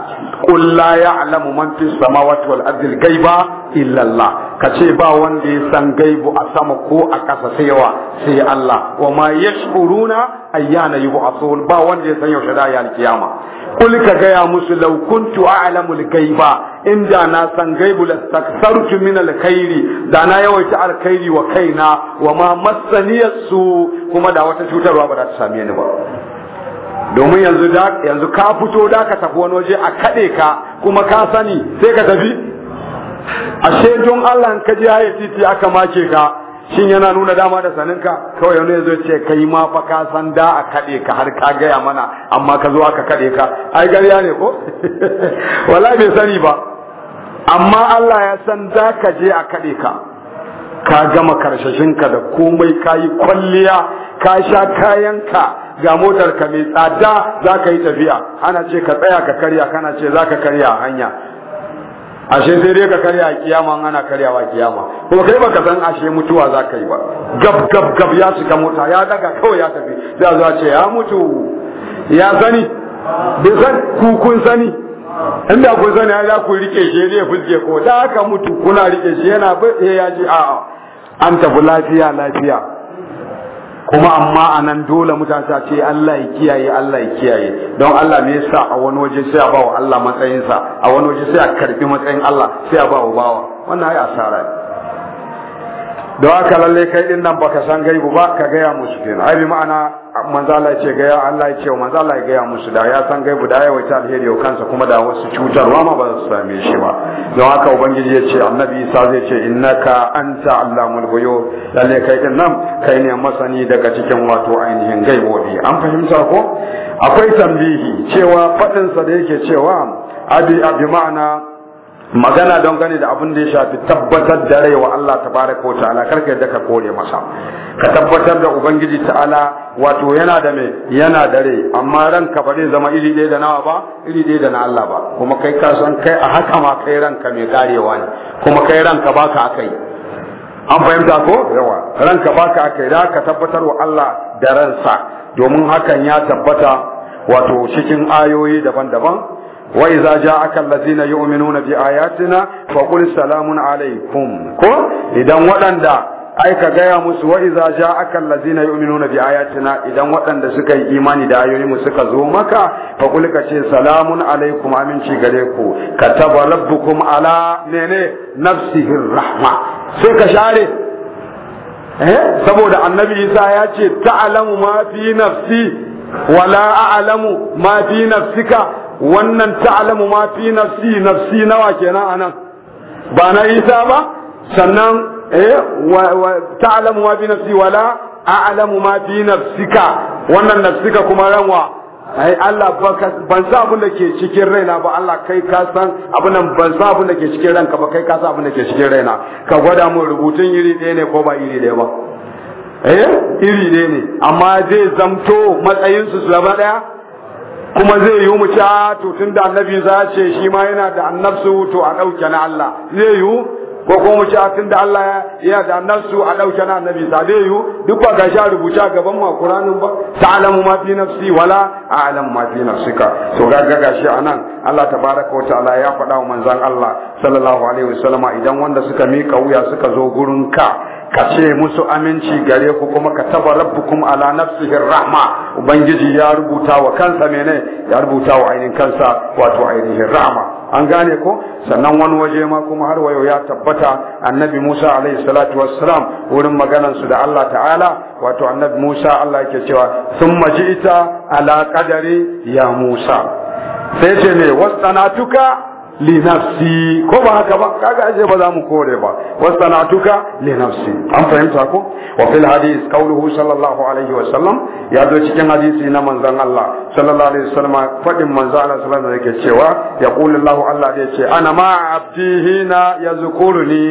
qul la ya'lamu man fis samawati wal ardi al ghaiba illa Allah kace ba wanda ya san gaibu a sama ko a kasa sai yawa sai Allah wa ma yashkuruna ayyana yub'athun ba wanda ya san yaushe da ya kiyama qul ka ga ya musu law kuntu a'lamu al ghaiba inda na san gaibu lastakthartu min alkhairi da na yawaita alkhairi wa kaina wa ma massaniyasu kuma da wata cutarwa ba ta same ni ba domin yanzu yanzu ka fito da ka tafi wani waje a kade ka kuma ka sani sai ka tafi ashe don Allah ka ji haye titi aka make ka shin yana nuna dama da saninka kawai yanzu yazo ce kai ma fa ka san da a kade ka har ka gaya mana amma ka zo aka kade ka ai gariya ne ko wallahi bai sani ba amma Allah ya san da ka je a kade ka ka gama karshashinka da komai ka yi kwalliya ka sha kayanka ga motarka mai tsada za ka yi tafiya ana ce ka tsaya ka karya kana ce za ka karya a hanya ashe sai dai ka karya a kiyama ana karyawa kiyama kuma kai baka san ashe mutuwa za ka yi ba gab gab gab ya shiga mota ya daga kawai ya tafi sai zuwa ce ya mutu ya sani bai san ku kun sani inda kun sani ya ku rike shi ne fuske ko da aka mutu kuna rike shi yana ba ya ji a'a an tafi lafiya lafiya kuma amma a nan dole mutane ta ce Allah ya kiyaye Allah ya kiyaye don Allah ne yasa a wani waje sai a ba wa Allah matsayinsa a wani waje sai a karbi matsayin Allah sai a ba wa bawa wannan ai asara ne don haka lalle kai din nan baka san gaibu ba ka gaya musu kenan ai bi ma'ana manzo Allah ce ga ya Allah ya ce manzo Allah ya ga musu da ya san gaibu da ya wace alheri kansa kuma da wasu cutarwa ma ba su same shi ba don haka ubangiji ya ce annabi Isa zai ce innaka anta allamul ghuyub lalle kai din nan kai ne masani daga cikin wato ainihin gaibobi an fahimta ko akwai tambihi cewa fadin sa da yake cewa abi abi ma'ana magana don gani da abin da ya shafi tabbatar da rai wa Allah tabaraka wa ta'ala karka yadda ka kore masa ka tabbatar da ubangiji ta'ala wato yana da me yana da amma ranka ba zai zama iri ɗaya da nawa ba iri ɗaya da na Allah ba kuma kai ka san kai a haka ma kai ranka mai karewa ne kuma kai ranka baka akai an fahimta ko yawa ranka baka akai da ka tabbatar wa Allah da ransa domin hakan ya tabbata wato cikin ayoyi daban-daban وإذا yu'minuna bi ayatina fa qul salamun alaykum ko idan waɗanda. ai ka gaya musu wa iza ja'aka allazina yu'minuna bi ayatina idan waɗanda suka yi imani da ayoyi mu suka zo maka fa kul ka ce salamun alaikum aminci gare ku kataba rabbukum ala nene nafsihi rahma sai ka share eh saboda annabi Isa ya ce ta'lamu ma fi nafsi wala a'lamu ma fi nafsika wannan ta'lamu ma fi nafsi nafsi nawa kenan anan ba na Isa ba sannan Eh, ta'lamu ma bi nafsi wala a'lamu ma bi nafsika wannan nafsika kuma ranwa ai Allah ban san abin da ke cikin raina ba Allah kai ka san abin nan ban san abin da ke cikin ranka ba kai ka san abin da ke cikin raina ka gwada mu rubutun iri ɗaya ne ko ba iri ɗaya ba eh iri ɗaya ne amma zai zamto matsayin su gaba ɗaya kuma zai yi mu ci ah, to tun da annabi za ce shi ma yana da annabsu to a ɗauke na Allah zai yi ko kuma mu ci atin da Allah ya da nasu a dauke na annabi sabe yu duk ba ga sha rubuta gaban mu Qur'anin ba ta'lamu ma fi nafsi wala a'lam ma fi nafsika to ga ga gashi anan Allah tabaraka wa ta'ala ya faɗa wa manzon Allah sallallahu alaihi wasallama idan wanda suka mika wuya suka zo gurin ka ka ce musu aminci gare ku kuma ka taba rabbukum ala nafsihi rahma ubangiji ya rubuta wa kansa mene ya rubuta wa ainin kansa wato ainihin rahma an gane ko sannan wani waje ma kuma har wayo ya tabbata annabi Musa alaihi salatu wassalam wurin maganar su da Allah ta'ala wato annabi Musa Allah yake cewa thumma ji'ita ala qadari ya Musa sai ce ne wasanatuka li nafsi ko ba haka ba kaga aje ba za mu kore ba wasanatuka li nafsi an fahimta ko wa fil hadith qawluhu sallallahu alaihi wa sallam ya zo cikin hadisi na manzon Allah sallallahu alaihi wa sallam fadin manzon Allah sallallahu alaihi wa sallam yake cewa ya qulu Allah ya ce ana ma abdihi na yazkuruni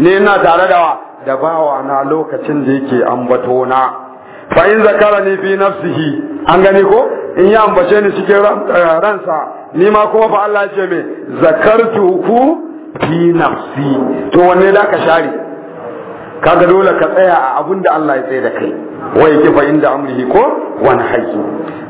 ni na tare da da bawa na lokacin da yake ambato na fa in zakarani fi nafsihi an gani ko in ya ambace ni cikin eh, ransa ni ma kuma fa Allah ce me ku fi nafsi to wanne da ka share kaga dole ka tsaya a abun da Allah ya tsaye da kai wai kifa inda amrihi ko wani haji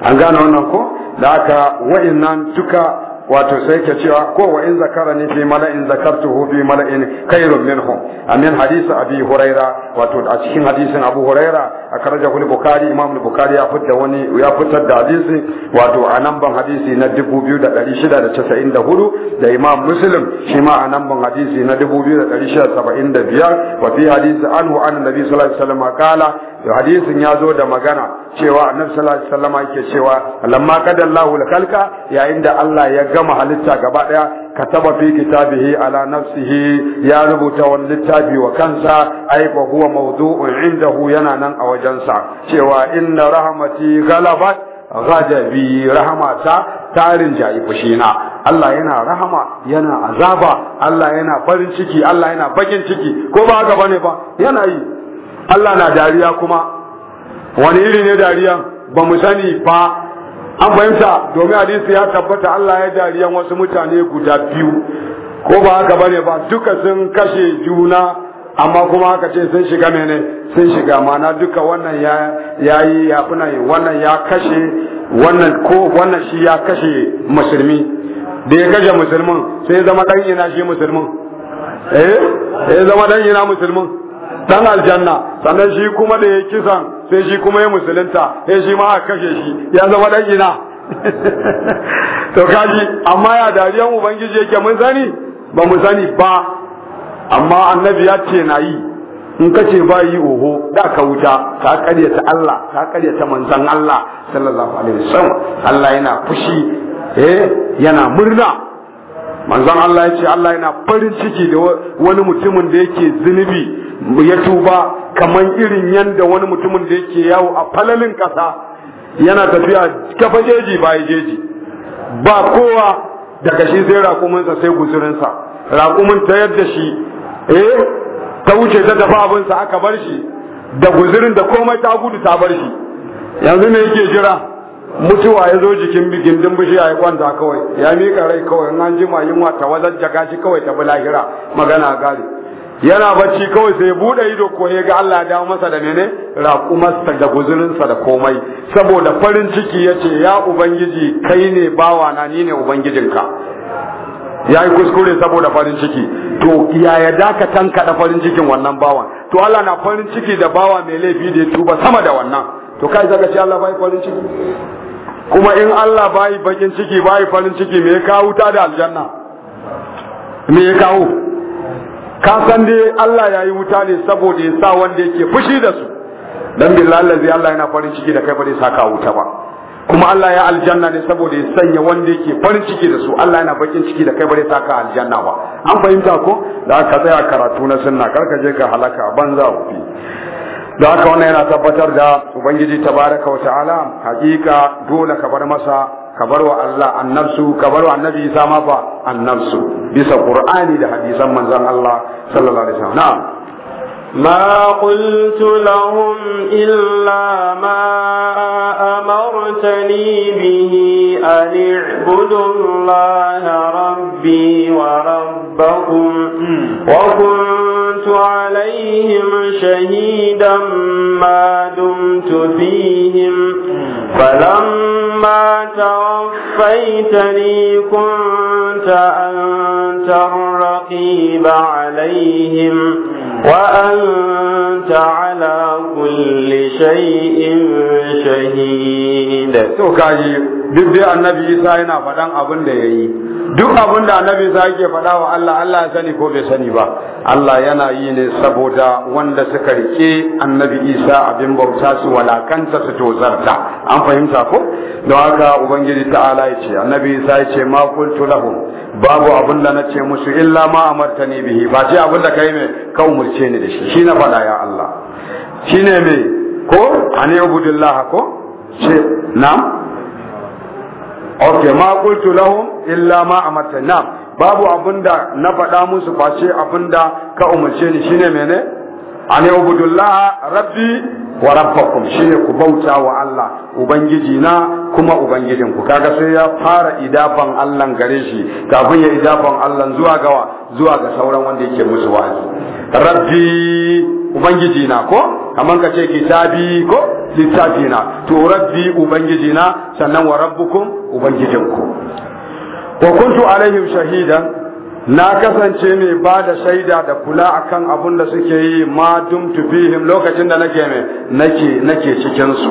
an gane wannan ko da aka nan tuka wato sai ke cewa ko wa in zakara ni fi mala'in zakartuhu fi mala'in khairun minhum amin hadisi abi huraira wato a cikin hadisin abu huraira a karaja kuli bukari imam bukari ya fitar wani ya fitar da hadisi wato a namban hadisi na dubu biyu da shida da da casa'in imam muslim shi ma a namban hadisi na dubu biyu da da shida saba'in 2675 wa fi hadisi anhu an nabi sallallahu alaihi wasallam kala hadisin ya zo da magana cewa annabi sallallahu alaihi wasallam yake cewa lamma kadallahu al-khalqa yayin da Allah ya ga gama halitta gaba daya taba fi kitabihi ala nafsihi ya rubuta wani littafi wa kansa ai fa huwa mawdu'un indahu yana nan a wajensa cewa inna rahmati ghalabat ghadabi rahmata tarin jayi fushina Allah yana rahama yana azaba Allah yana farin ciki Allah yana bakin ciki ko ba haka bane ba yana yi Allah na dariya kuma wani iri ne dariya ba mu sani fa an fahimta domin hadisi ya tabbata Allah ya dariyan wasu mutane guda biyu ko ba haka bane ba duka sun kashe juna amma kuma haka ce sun shiga mene sun shiga mana duka wannan ya yi ya wannan ya kashe wannan ko wannan shi ya kashe musulmi da ya kashe musulmin sai ya zama dan ina shi musulmin eh ya zama dan ina musulmin dan aljanna sannan shi kuma da ya kisan sai shi kuma ya musulunta sai shi ma aka kashe shi ya zama dan ina to kaji amma ya dariyan ubangiji yake mun sani ba mu sani ba amma annabi ya ce na yi in kace ce ba yi oho da ka wuta ka karyata Allah ka karyata manzon Allah sallallahu alaihi wasallam Allah yana fushi eh yana murna manzon Allah ya ce Allah yana farin ciki da wani mutumin da yake zunubi ya tuba kamar irin yanda wani mutumin da yake yawo a falalin kasa yana tafiya kafa jeji ba jeji ba kowa daga shi sai raƙuminsa sai guzurinsa raƙumin ta yadda shi eh ta wuce ta tafi abinsa aka bar shi da guzurin da komai ta gudu ta bar shi yanzu ne yake jira mutuwa ya zo jikin bikin din bishiya ya kwanta kawai ya mika rai kawai in an jima yunwa ta wajen jaka shi kawai ta bi lahira magana gari yana bacci kawai sai bude ido ko ya ga Allah ya dawo masa da mene raƙumarsa da guzurinsa da komai saboda farin ciki ya ce ya ubangiji kai ne bawa na ni ne ubangijinka ya yi kuskure saboda farin ciki to yaya da ka tankaɗa farin cikin wannan bawan to Allah na farin ciki da bawa mai laifi da ya tuba sama da wannan to kai zaka ce Allah bai farin ciki kuma in Allah bai bakin ciki bai farin ciki me ya kawo ta da aljanna me ya kawo ka san dai Allah ya yi wuta ne saboda ya sa wanda yake fushi da su dan billahi allazi Allah yana farin ciki da kai ba sa ka wuta ba kuma Allah ya aljanna ne saboda ya sanya wanda yake farin ciki da su Allah yana bakin ciki da kai ba sa ka aljanna ba an fahimta ko da ka tsaya karatu na sunna kar ka je ka halaka banza wufi da haka wannan yana tabbatar da ubangiji tabaraka wa ta'ala hakika dole ka bar masa ka bar wa Allah annabsu ka bar wa annabi Isa ma fa annabsu bisa Qur'ani da hadisan manzon Allah sallallahu alaihi wasallam na'am ما قلت لهم إلا ما أمرتني به أن اعبدوا الله ربي وربكم وكنت عليهم شهيدا ما دمت فيهم فلما توفيتني كنت أنت الرقيب عليهم وأن أنت على كل شيء شهيد تو كاجي duk dai annabi Isa yana faɗan abin da ya yi duk abin da annabi Isa yake faɗa wa Allah Allah ya sani ko bai sani ba Allah yana yi ne saboda wanda suka rike annabi Isa abin bauta su walakanta su tozarta an fahimta ko don haka ubangiji ta'ala ya ce annabi Isa ya ce ma qultu lahum babu abin da na ce musu illa ma amartani bihi ba ce abin da kai me ka umurce ni da shi shi na faɗa ya Allah shi ne me ko ani ubudillah ko ce na ok ma kultu lahum illa ma amartani na babu abin da na faɗa musu ba ce abin da ka umurce ni Shi ne me ne? an ubudullah rabbi wa rabbakum shine ku bauta wa Allah ubangiji na kuma ubangijin ku kaga sai ya fara idafan Allah gare shi kafin ya idafan Allah zuwa gawa zuwa ga sauran wanda yake musu wa'azi rabbi ubangiji na ko kaman ka ce kitabi ko littafi na to rabbi ubangiji na sannan wa rabbukum ubangijin ku wa kuntu alaihim shahidan na kasance ne ba da shaida da kula akan abun da suke yi ma tu fihim lokacin da nake me nake nake cikin su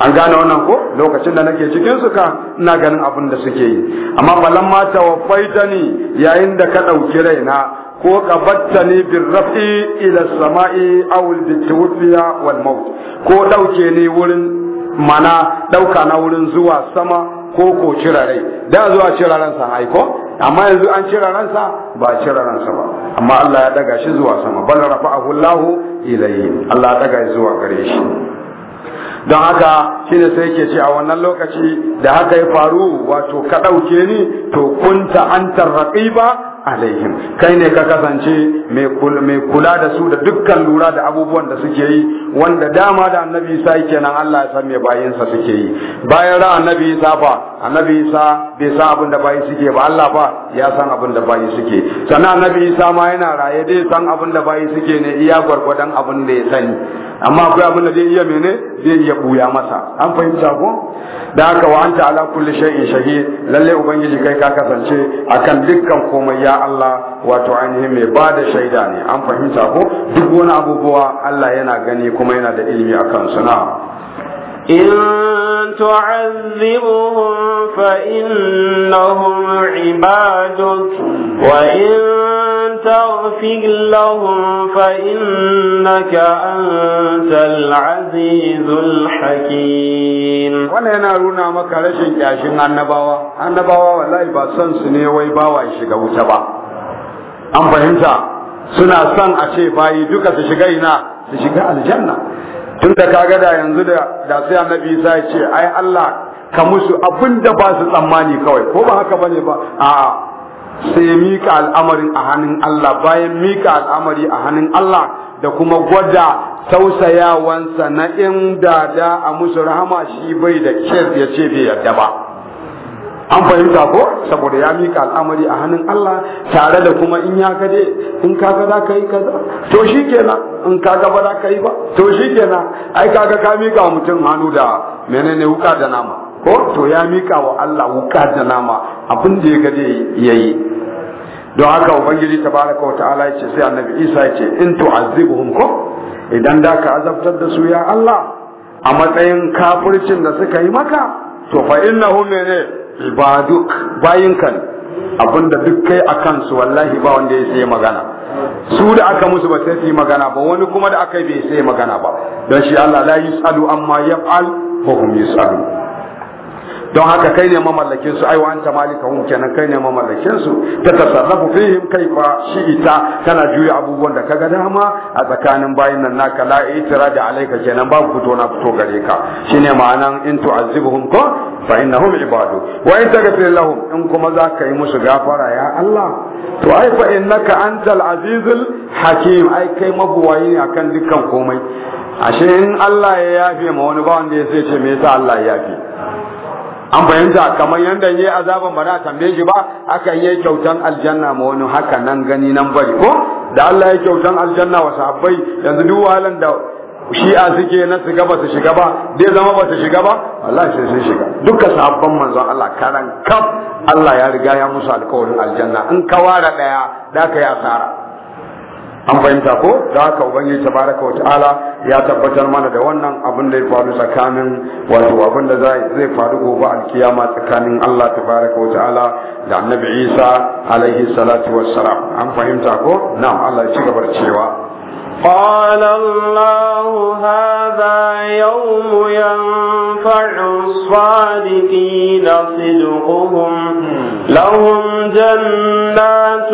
an gane wannan ko lokacin da nake cikin su ka ina ganin abun da suke yi amma balan ma tawaffaitani yayin da ka dauki raina ko ka batta ni bil raf'i ila samai aw bitawfiya wal maut ko dauke ni wurin mana dauka na wurin zuwa sama ko ko cirarai da zuwa ciraren sa haiko amma yanzu an cire ransa ba a cire ransa ba amma Allah ya daga shi zuwa sama bal rafa'ahu Allah ilayhi Allah ya daga zuwa gare shi don haka shine sai yake ce a wannan lokaci da haka ya faru wato ka dauke ni to kunta antar raqiba alaihim kai ne ka kasance mai kula da su da dukkan lura da abubuwan da suke yi wanda dama da annabi isa kenan Allah ya san me bayinsa suke yi bayan ra annabi isa fa annabi isa bai san abin da bayi suke ba Allah fa ya san abin da bayi suke sannan annabi isa ma yana raye dai san abin da bayi suke ne iya gwargwadon abin da ya sani amma akwai abin da zai iya mene zai iya buya masa an fahimta ko da haka wa anta ala kulli shay'in shahid lalle ubangiji kai ka kasance akan dukkan komai ya Allah wato ainihin mai ba da shaida ne an fahimta ko duk wani abubuwa Allah yana gani kuma yana da ilimi akan su na إن تعذبهم فإنهم عبادك وإن تغفر لهم فإنك أنت العزيز الحكيم wannan yana runa maka rashin kyashin annabawa annabawa wallahi ba son su ne wai bawa ya shiga wuta ba an fahimta suna son a ce bayi duka su shiga ina su shiga aljanna tun da kaga da yanzu da da sai annabi Isa ya ce ai Allah ka musu abinda ba su tsammani kawai ko ba haka bane ba a'a sai mika al'amarin a hannun Allah bayan mika al'amari a hannun Allah da kuma gwada tausayawansa na inda da a musu rahama shi bai da kyar ya ce bai yarda ba an fahimta ko saboda ya mika al'amari a hannun Allah tare da kuma in ya gade, in kaga za ka yi kaza to shikenan in kaga ba za ka yi ba to shikenan ai kaga ka mika mutum hannu da menene wuka da nama ko to ya mika wa Allah wuka da nama abin da ya gade yayi don haka ubangiji tabaraka ta'ala yace sai annabi Isa yace in tu'azzibuhum ko idan da ka azabtar da su ya Allah a matsayin kafircin da suka yi maka to fa me menene ibaduk bayinka ne abinda duk kai a kansu wallahi ba wanda ya sai magana su da aka musu ba sai su yi magana ba wani kuma da aka yi bai sai magana ba don shi Allah la yusalu amma yaf'al wa hum yusalu don haka kai ne mamallakin su ai wa anta malikahum kenan kai ne mamallakin su ta tasarrafu fihim kaifa shi'ita kana juya abubuwan da kaga dama a tsakanin bayin nan naka la da alaika kenan babu fito na fito gare ka shine ma'anan in tu'azzibuhum ko fa innahum ibadu wa in taghfir lahum in kuma za ka yi musu gafara ya Allah to ai fa innaka antal azizul hakim ai kai mabuwayi ne akan dukkan komai ashe in Allah ya yafe ma wani ba wanda ya sai ce me yasa Allah ya yafe an fahimta kamar yadda yayi azaban ba za tambaye shi ba akan yi kyautan aljanna ma wani haka nan gani nan bari ko da Allah ya kyautan aljanna wa sahabbai yanzu duk halin da shi'a suke na su ba su shiga ba zai zama ba su shiga ba wallahi shi sun shiga duka sahabban manzon Allah karan kaf Allah ya riga ya musu alƙawarin aljanna in ka ware daya da ka yi asara an fahimta ko da haka ubangiji tabaraka wata'ala ya tabbatar mana da wannan abin da ya faru tsakanin wato abin da zai faru gobe alkiyama tsakanin Allah tabaraka wata'ala da annabi Isa alaihi salatu wassalam an fahimta ko na'am Allah ya ci cewa قال الله هذا يوم ينفع الصادقين صدقهم لهم جنات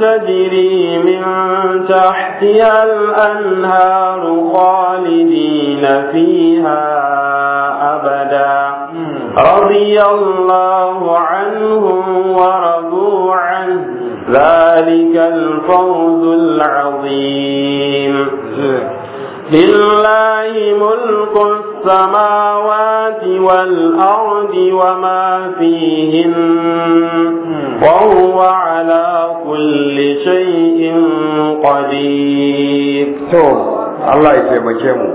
تجري من تحتها الأنهار خالدين فيها أبدا رضي الله عنهم ورضوا عنه ذلك الفوز العظيم لله ملك السماوات والأرض وما فيهن وهو على كل شيء قدير Allah ya taimake mu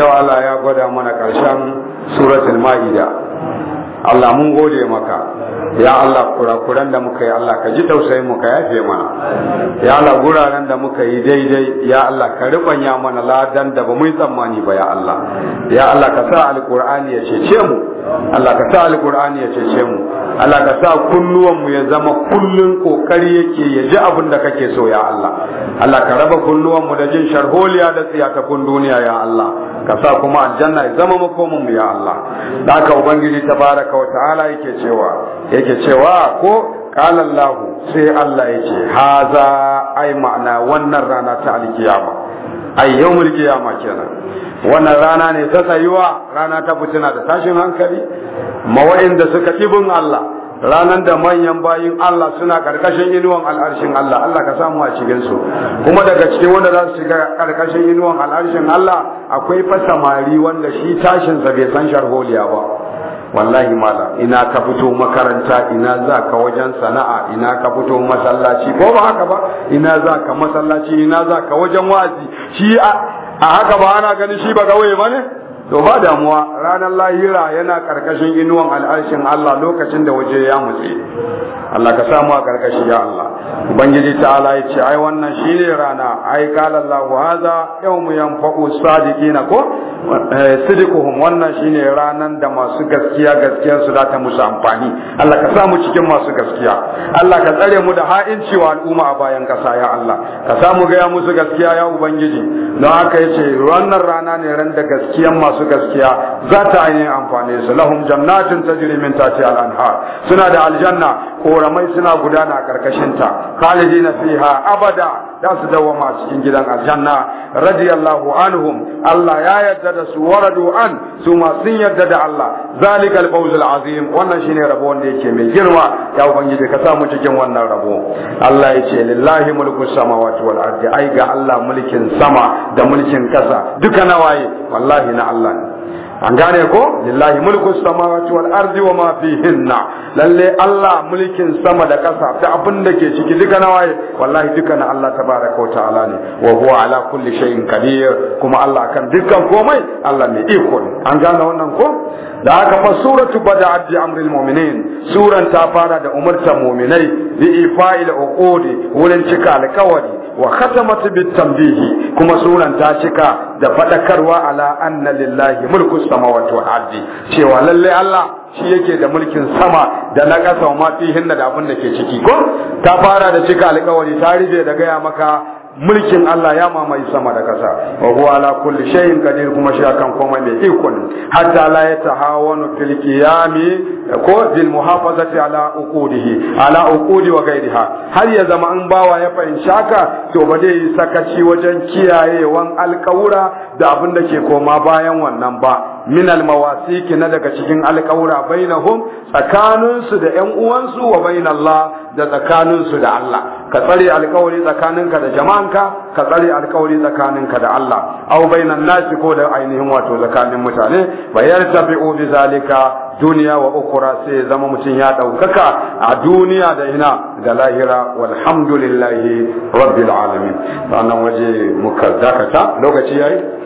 yau Allah ya gwada mana ƙarshen suratul ma'ida Allah mun gode maka ya Allah kurakuran da muka yi Allah ka ji tausayin mu ka yafe mana ya Allah guraren da muka yi daidai ya Allah ka ribanya mana ladan da ba mu yi tsammani ba ya Allah ya Allah ka sa alqur'ani ya cece mu Allah ka sa alqur'ani ya cece mu Allah ka sa kulluwan mu ya zama kullun kokari yake ya ji abin da kake so ya Allah Allah ka raba kulluwan mu da jin sharholiya da kun duniya ya Allah ka sa kuma aljanna ya zama makomin mu ya Allah da haka ubangiji tabaraka wa ta'ala yake cewa yake cewa ko qala Allah sai Allah yace haza ai ma'ana wannan rana ta alkiyama ai yawmul qiyama kenan wannan rana ne ta tsayuwa rana ta fitina da tashin hankali ma wa'inda suka bin Allah ranan da manyan bayin Allah suna karkashin inuwan al'arshin Allah Allah ka samu a cikin su kuma daga cikin wanda za su shiga karkashin inuwan al'arshin Allah akwai samari wanda shi tashin sa bai san sharholiya ba wallahi mala ina ka fito makaranta ina za ka wajen sana'a ina ka fito masallaci ko ba haka ba ina za ka masallaci ina za ka wajen wa'azi shi a haka ba ana ganin shi ba gawaye ba ne to ba damuwa ranar lahira yana karkashin inuwan al'arshin Allah lokacin da waje ya mutse Allah ka samu a karkashi ya Allah ubangiji ta'ala ya ce ai wannan shine rana ai qala Allahu hadha yawmu yanfa'u sadiqina ko eh, sidiquhum wannan shine ranan da masu gaskiya gaskiya su za ta musu amfani Allah ka samu cikin masu gaskiya Allah ka tsare mu da ha'inci wa al'umma a bayan kasa ya Allah ka samu ga ya musu gaskiya ya ubangiji don haka yace wannan rana ne ran da gaskiyan masu masu gaskiya za ta ainihin amfani su lahum jannatin tajri min tahtiha al-anhar suna da aljanna koramai suna gudana a karkashinta khalidina fiha abada da su dawama cikin gidan aljanna radiyallahu anhum Allah ya yarda da su waradu an su ma sun yarda da Allah zalikal fawzul azim wannan shine rabo wanda yake mai girma ya ubangiji ka sa cikin wannan rabo Allah ya ce lillahi mulku samawati wal ardi ai ga Allah mulkin sama da mulkin kasa duka nawaye wallahi na Allah ne an gane ko lillahi mulku samawati wal ardi wa ma fihinna lalle Allah mulkin sama da ƙasa da abin da ke ciki duka na waye wallahi duka na Allah tabaraka ta'ala ne wa huwa ala kulli shay'in qadir kuma Allah kan dukkan komai Allah mai iko an gane wannan ko da aka fa suratu bada'at bi amril mu'minin suran ta fara da umurtar mu'minai bi ifa'il uqudi wurin cika alkawari wa khatamat bit tanbih kuma suran ta cika da fadakarwa ala anna lillahi mulku samawati wal ardi cewa lalle Allah shi yake da mulkin sama da na ƙasa ma hinna da abin da ke ciki ko ta fara da cika alƙawari ta rufe da gaya maka mulkin Allah ya mamaye sama da ƙasa. wa huwa ala kulli shay'in qadir kuma shi akan komai mai iko ne hatta la yatahawanu fil qiyami ko bil muhafazati ala uqudihi ala uqudi wa ghayriha har ya zama an bawa ya fahimci haka to ba yi sakaci wajen kiyayewan alkawura da abin da ke koma bayan wannan ba min almawasiki na daga cikin alƙawura bainahum tsakaninsu da ƴan uwansu wa bainallah da tsakaninsu da Allah ka tsare alƙawari tsakaninka da jama'anka ka tsare alƙawari tsakaninka da Allah aw bainan nasi ko da ainihin wato tsakanin mutane bayar tafi bi zalika duniya wa ukura sai zama mutum ya ɗaukaka a duniya da ina da lahira walhamdulillahi rabbil alamin sannan waje muka dakata lokaci yayi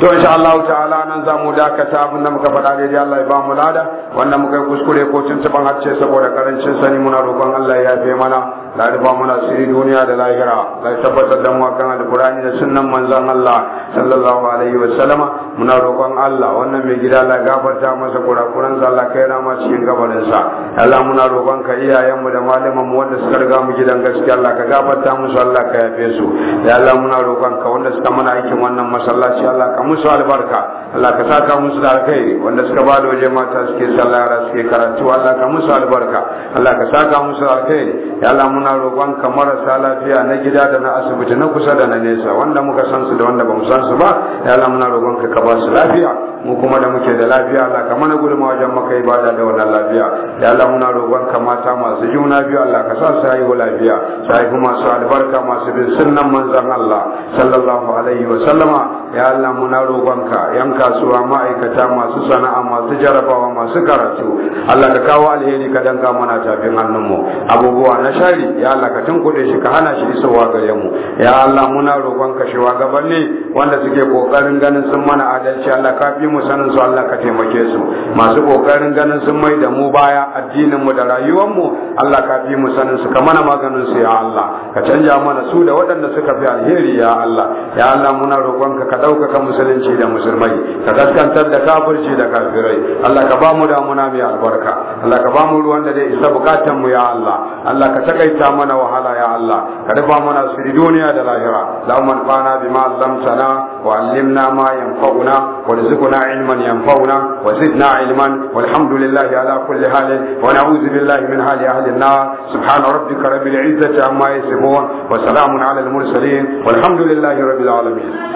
to sha Allah ta'ala nan za mu dakata abin da muka faɗa daidai Allah ya ba mu lada wanda muka yi kuskure ko tuntuɓan harce saboda karancin sani muna roƙon Allah ya yafe mana la rufa mana asiri duniya da lahira la tabbatar da mu akan alqur'ani da sunnan manzon Allah sallallahu alaihi wa sallama muna roƙon Allah wannan mai gida la gafarta masa kurakuran sa Allah kai rama cikin gabarin sa Allah muna roƙon ka iyayen mu da malaman mu wanda suka riga mu gidan gaskiya Allah ka gafarta musu Allah ka yafe su ya Allah muna roƙon ka wanda suka mana aikin wannan masallaci Allah ka musu albarka Allah ka saka musu da alkhairi wanda suka ba da waje mata suke sallah suke karatu Allah ka musu albarka Allah ka saka musu alkhairi ya Allah muna muna ka marasa lafiya na gida da na asibiti na kusa da na nesa wanda muka san su da wanda bamu san su ba ya Allah muna roƙon ka ka ba su lafiya mu kuma da muke da lafiya Allah ka mana gudunma wajen maka ibada da wannan lafiya ya Allah muna ka mata masu juna biyu Allah ka sa su haihu lafiya su haifi masu albarka masu bin sunnan manzon Allah sallallahu alaihi wa sallama ya Allah muna ka yan kasuwa ma'aikata masu sana'a masu jarabawa masu karatu Allah ka kawo alheri ka danka mana tafin hannunmu abubuwa na shari ya Allah ka tunkuɗe shi ka hana shi isowa gare mu ya Allah muna roƙon ka shi gabanni wanda suke ƙoƙarin ganin sun mana adalci Allah ka fi mu sanin su Allah ka taimake su masu ƙoƙarin ganin sun mai da mu baya addinin mu da rayuwar mu Allah ka fi mu sanin su ka mana maganin su ya Allah ka canja mana su da waɗanda suka fi alheri ya Allah ya Allah muna roƙon ka ka ɗaukaka musulunci da musulmai ka gaskantar da kafirci da kafirai Allah ka ba mu damuna mai albarka Allah ka ba mu ruwan da zai isa bukatan mu ya Allah Allah ka takaita takaita mana wahala ya Allah ka rufa mana siri duniya da lahira lahumma anfa'na bima 'allamtana wa 'allimna ma yanfa'una warzuqna 'ilman yanfa'una wa zidna 'ilman walhamdulillahi ala kulli halin wa na'udzu billahi min hali ahli an-nar subhana rabbika rabbil 'izzati amma yasifun wa salamun 'alal mursalin walhamdulillahi rabbil alamin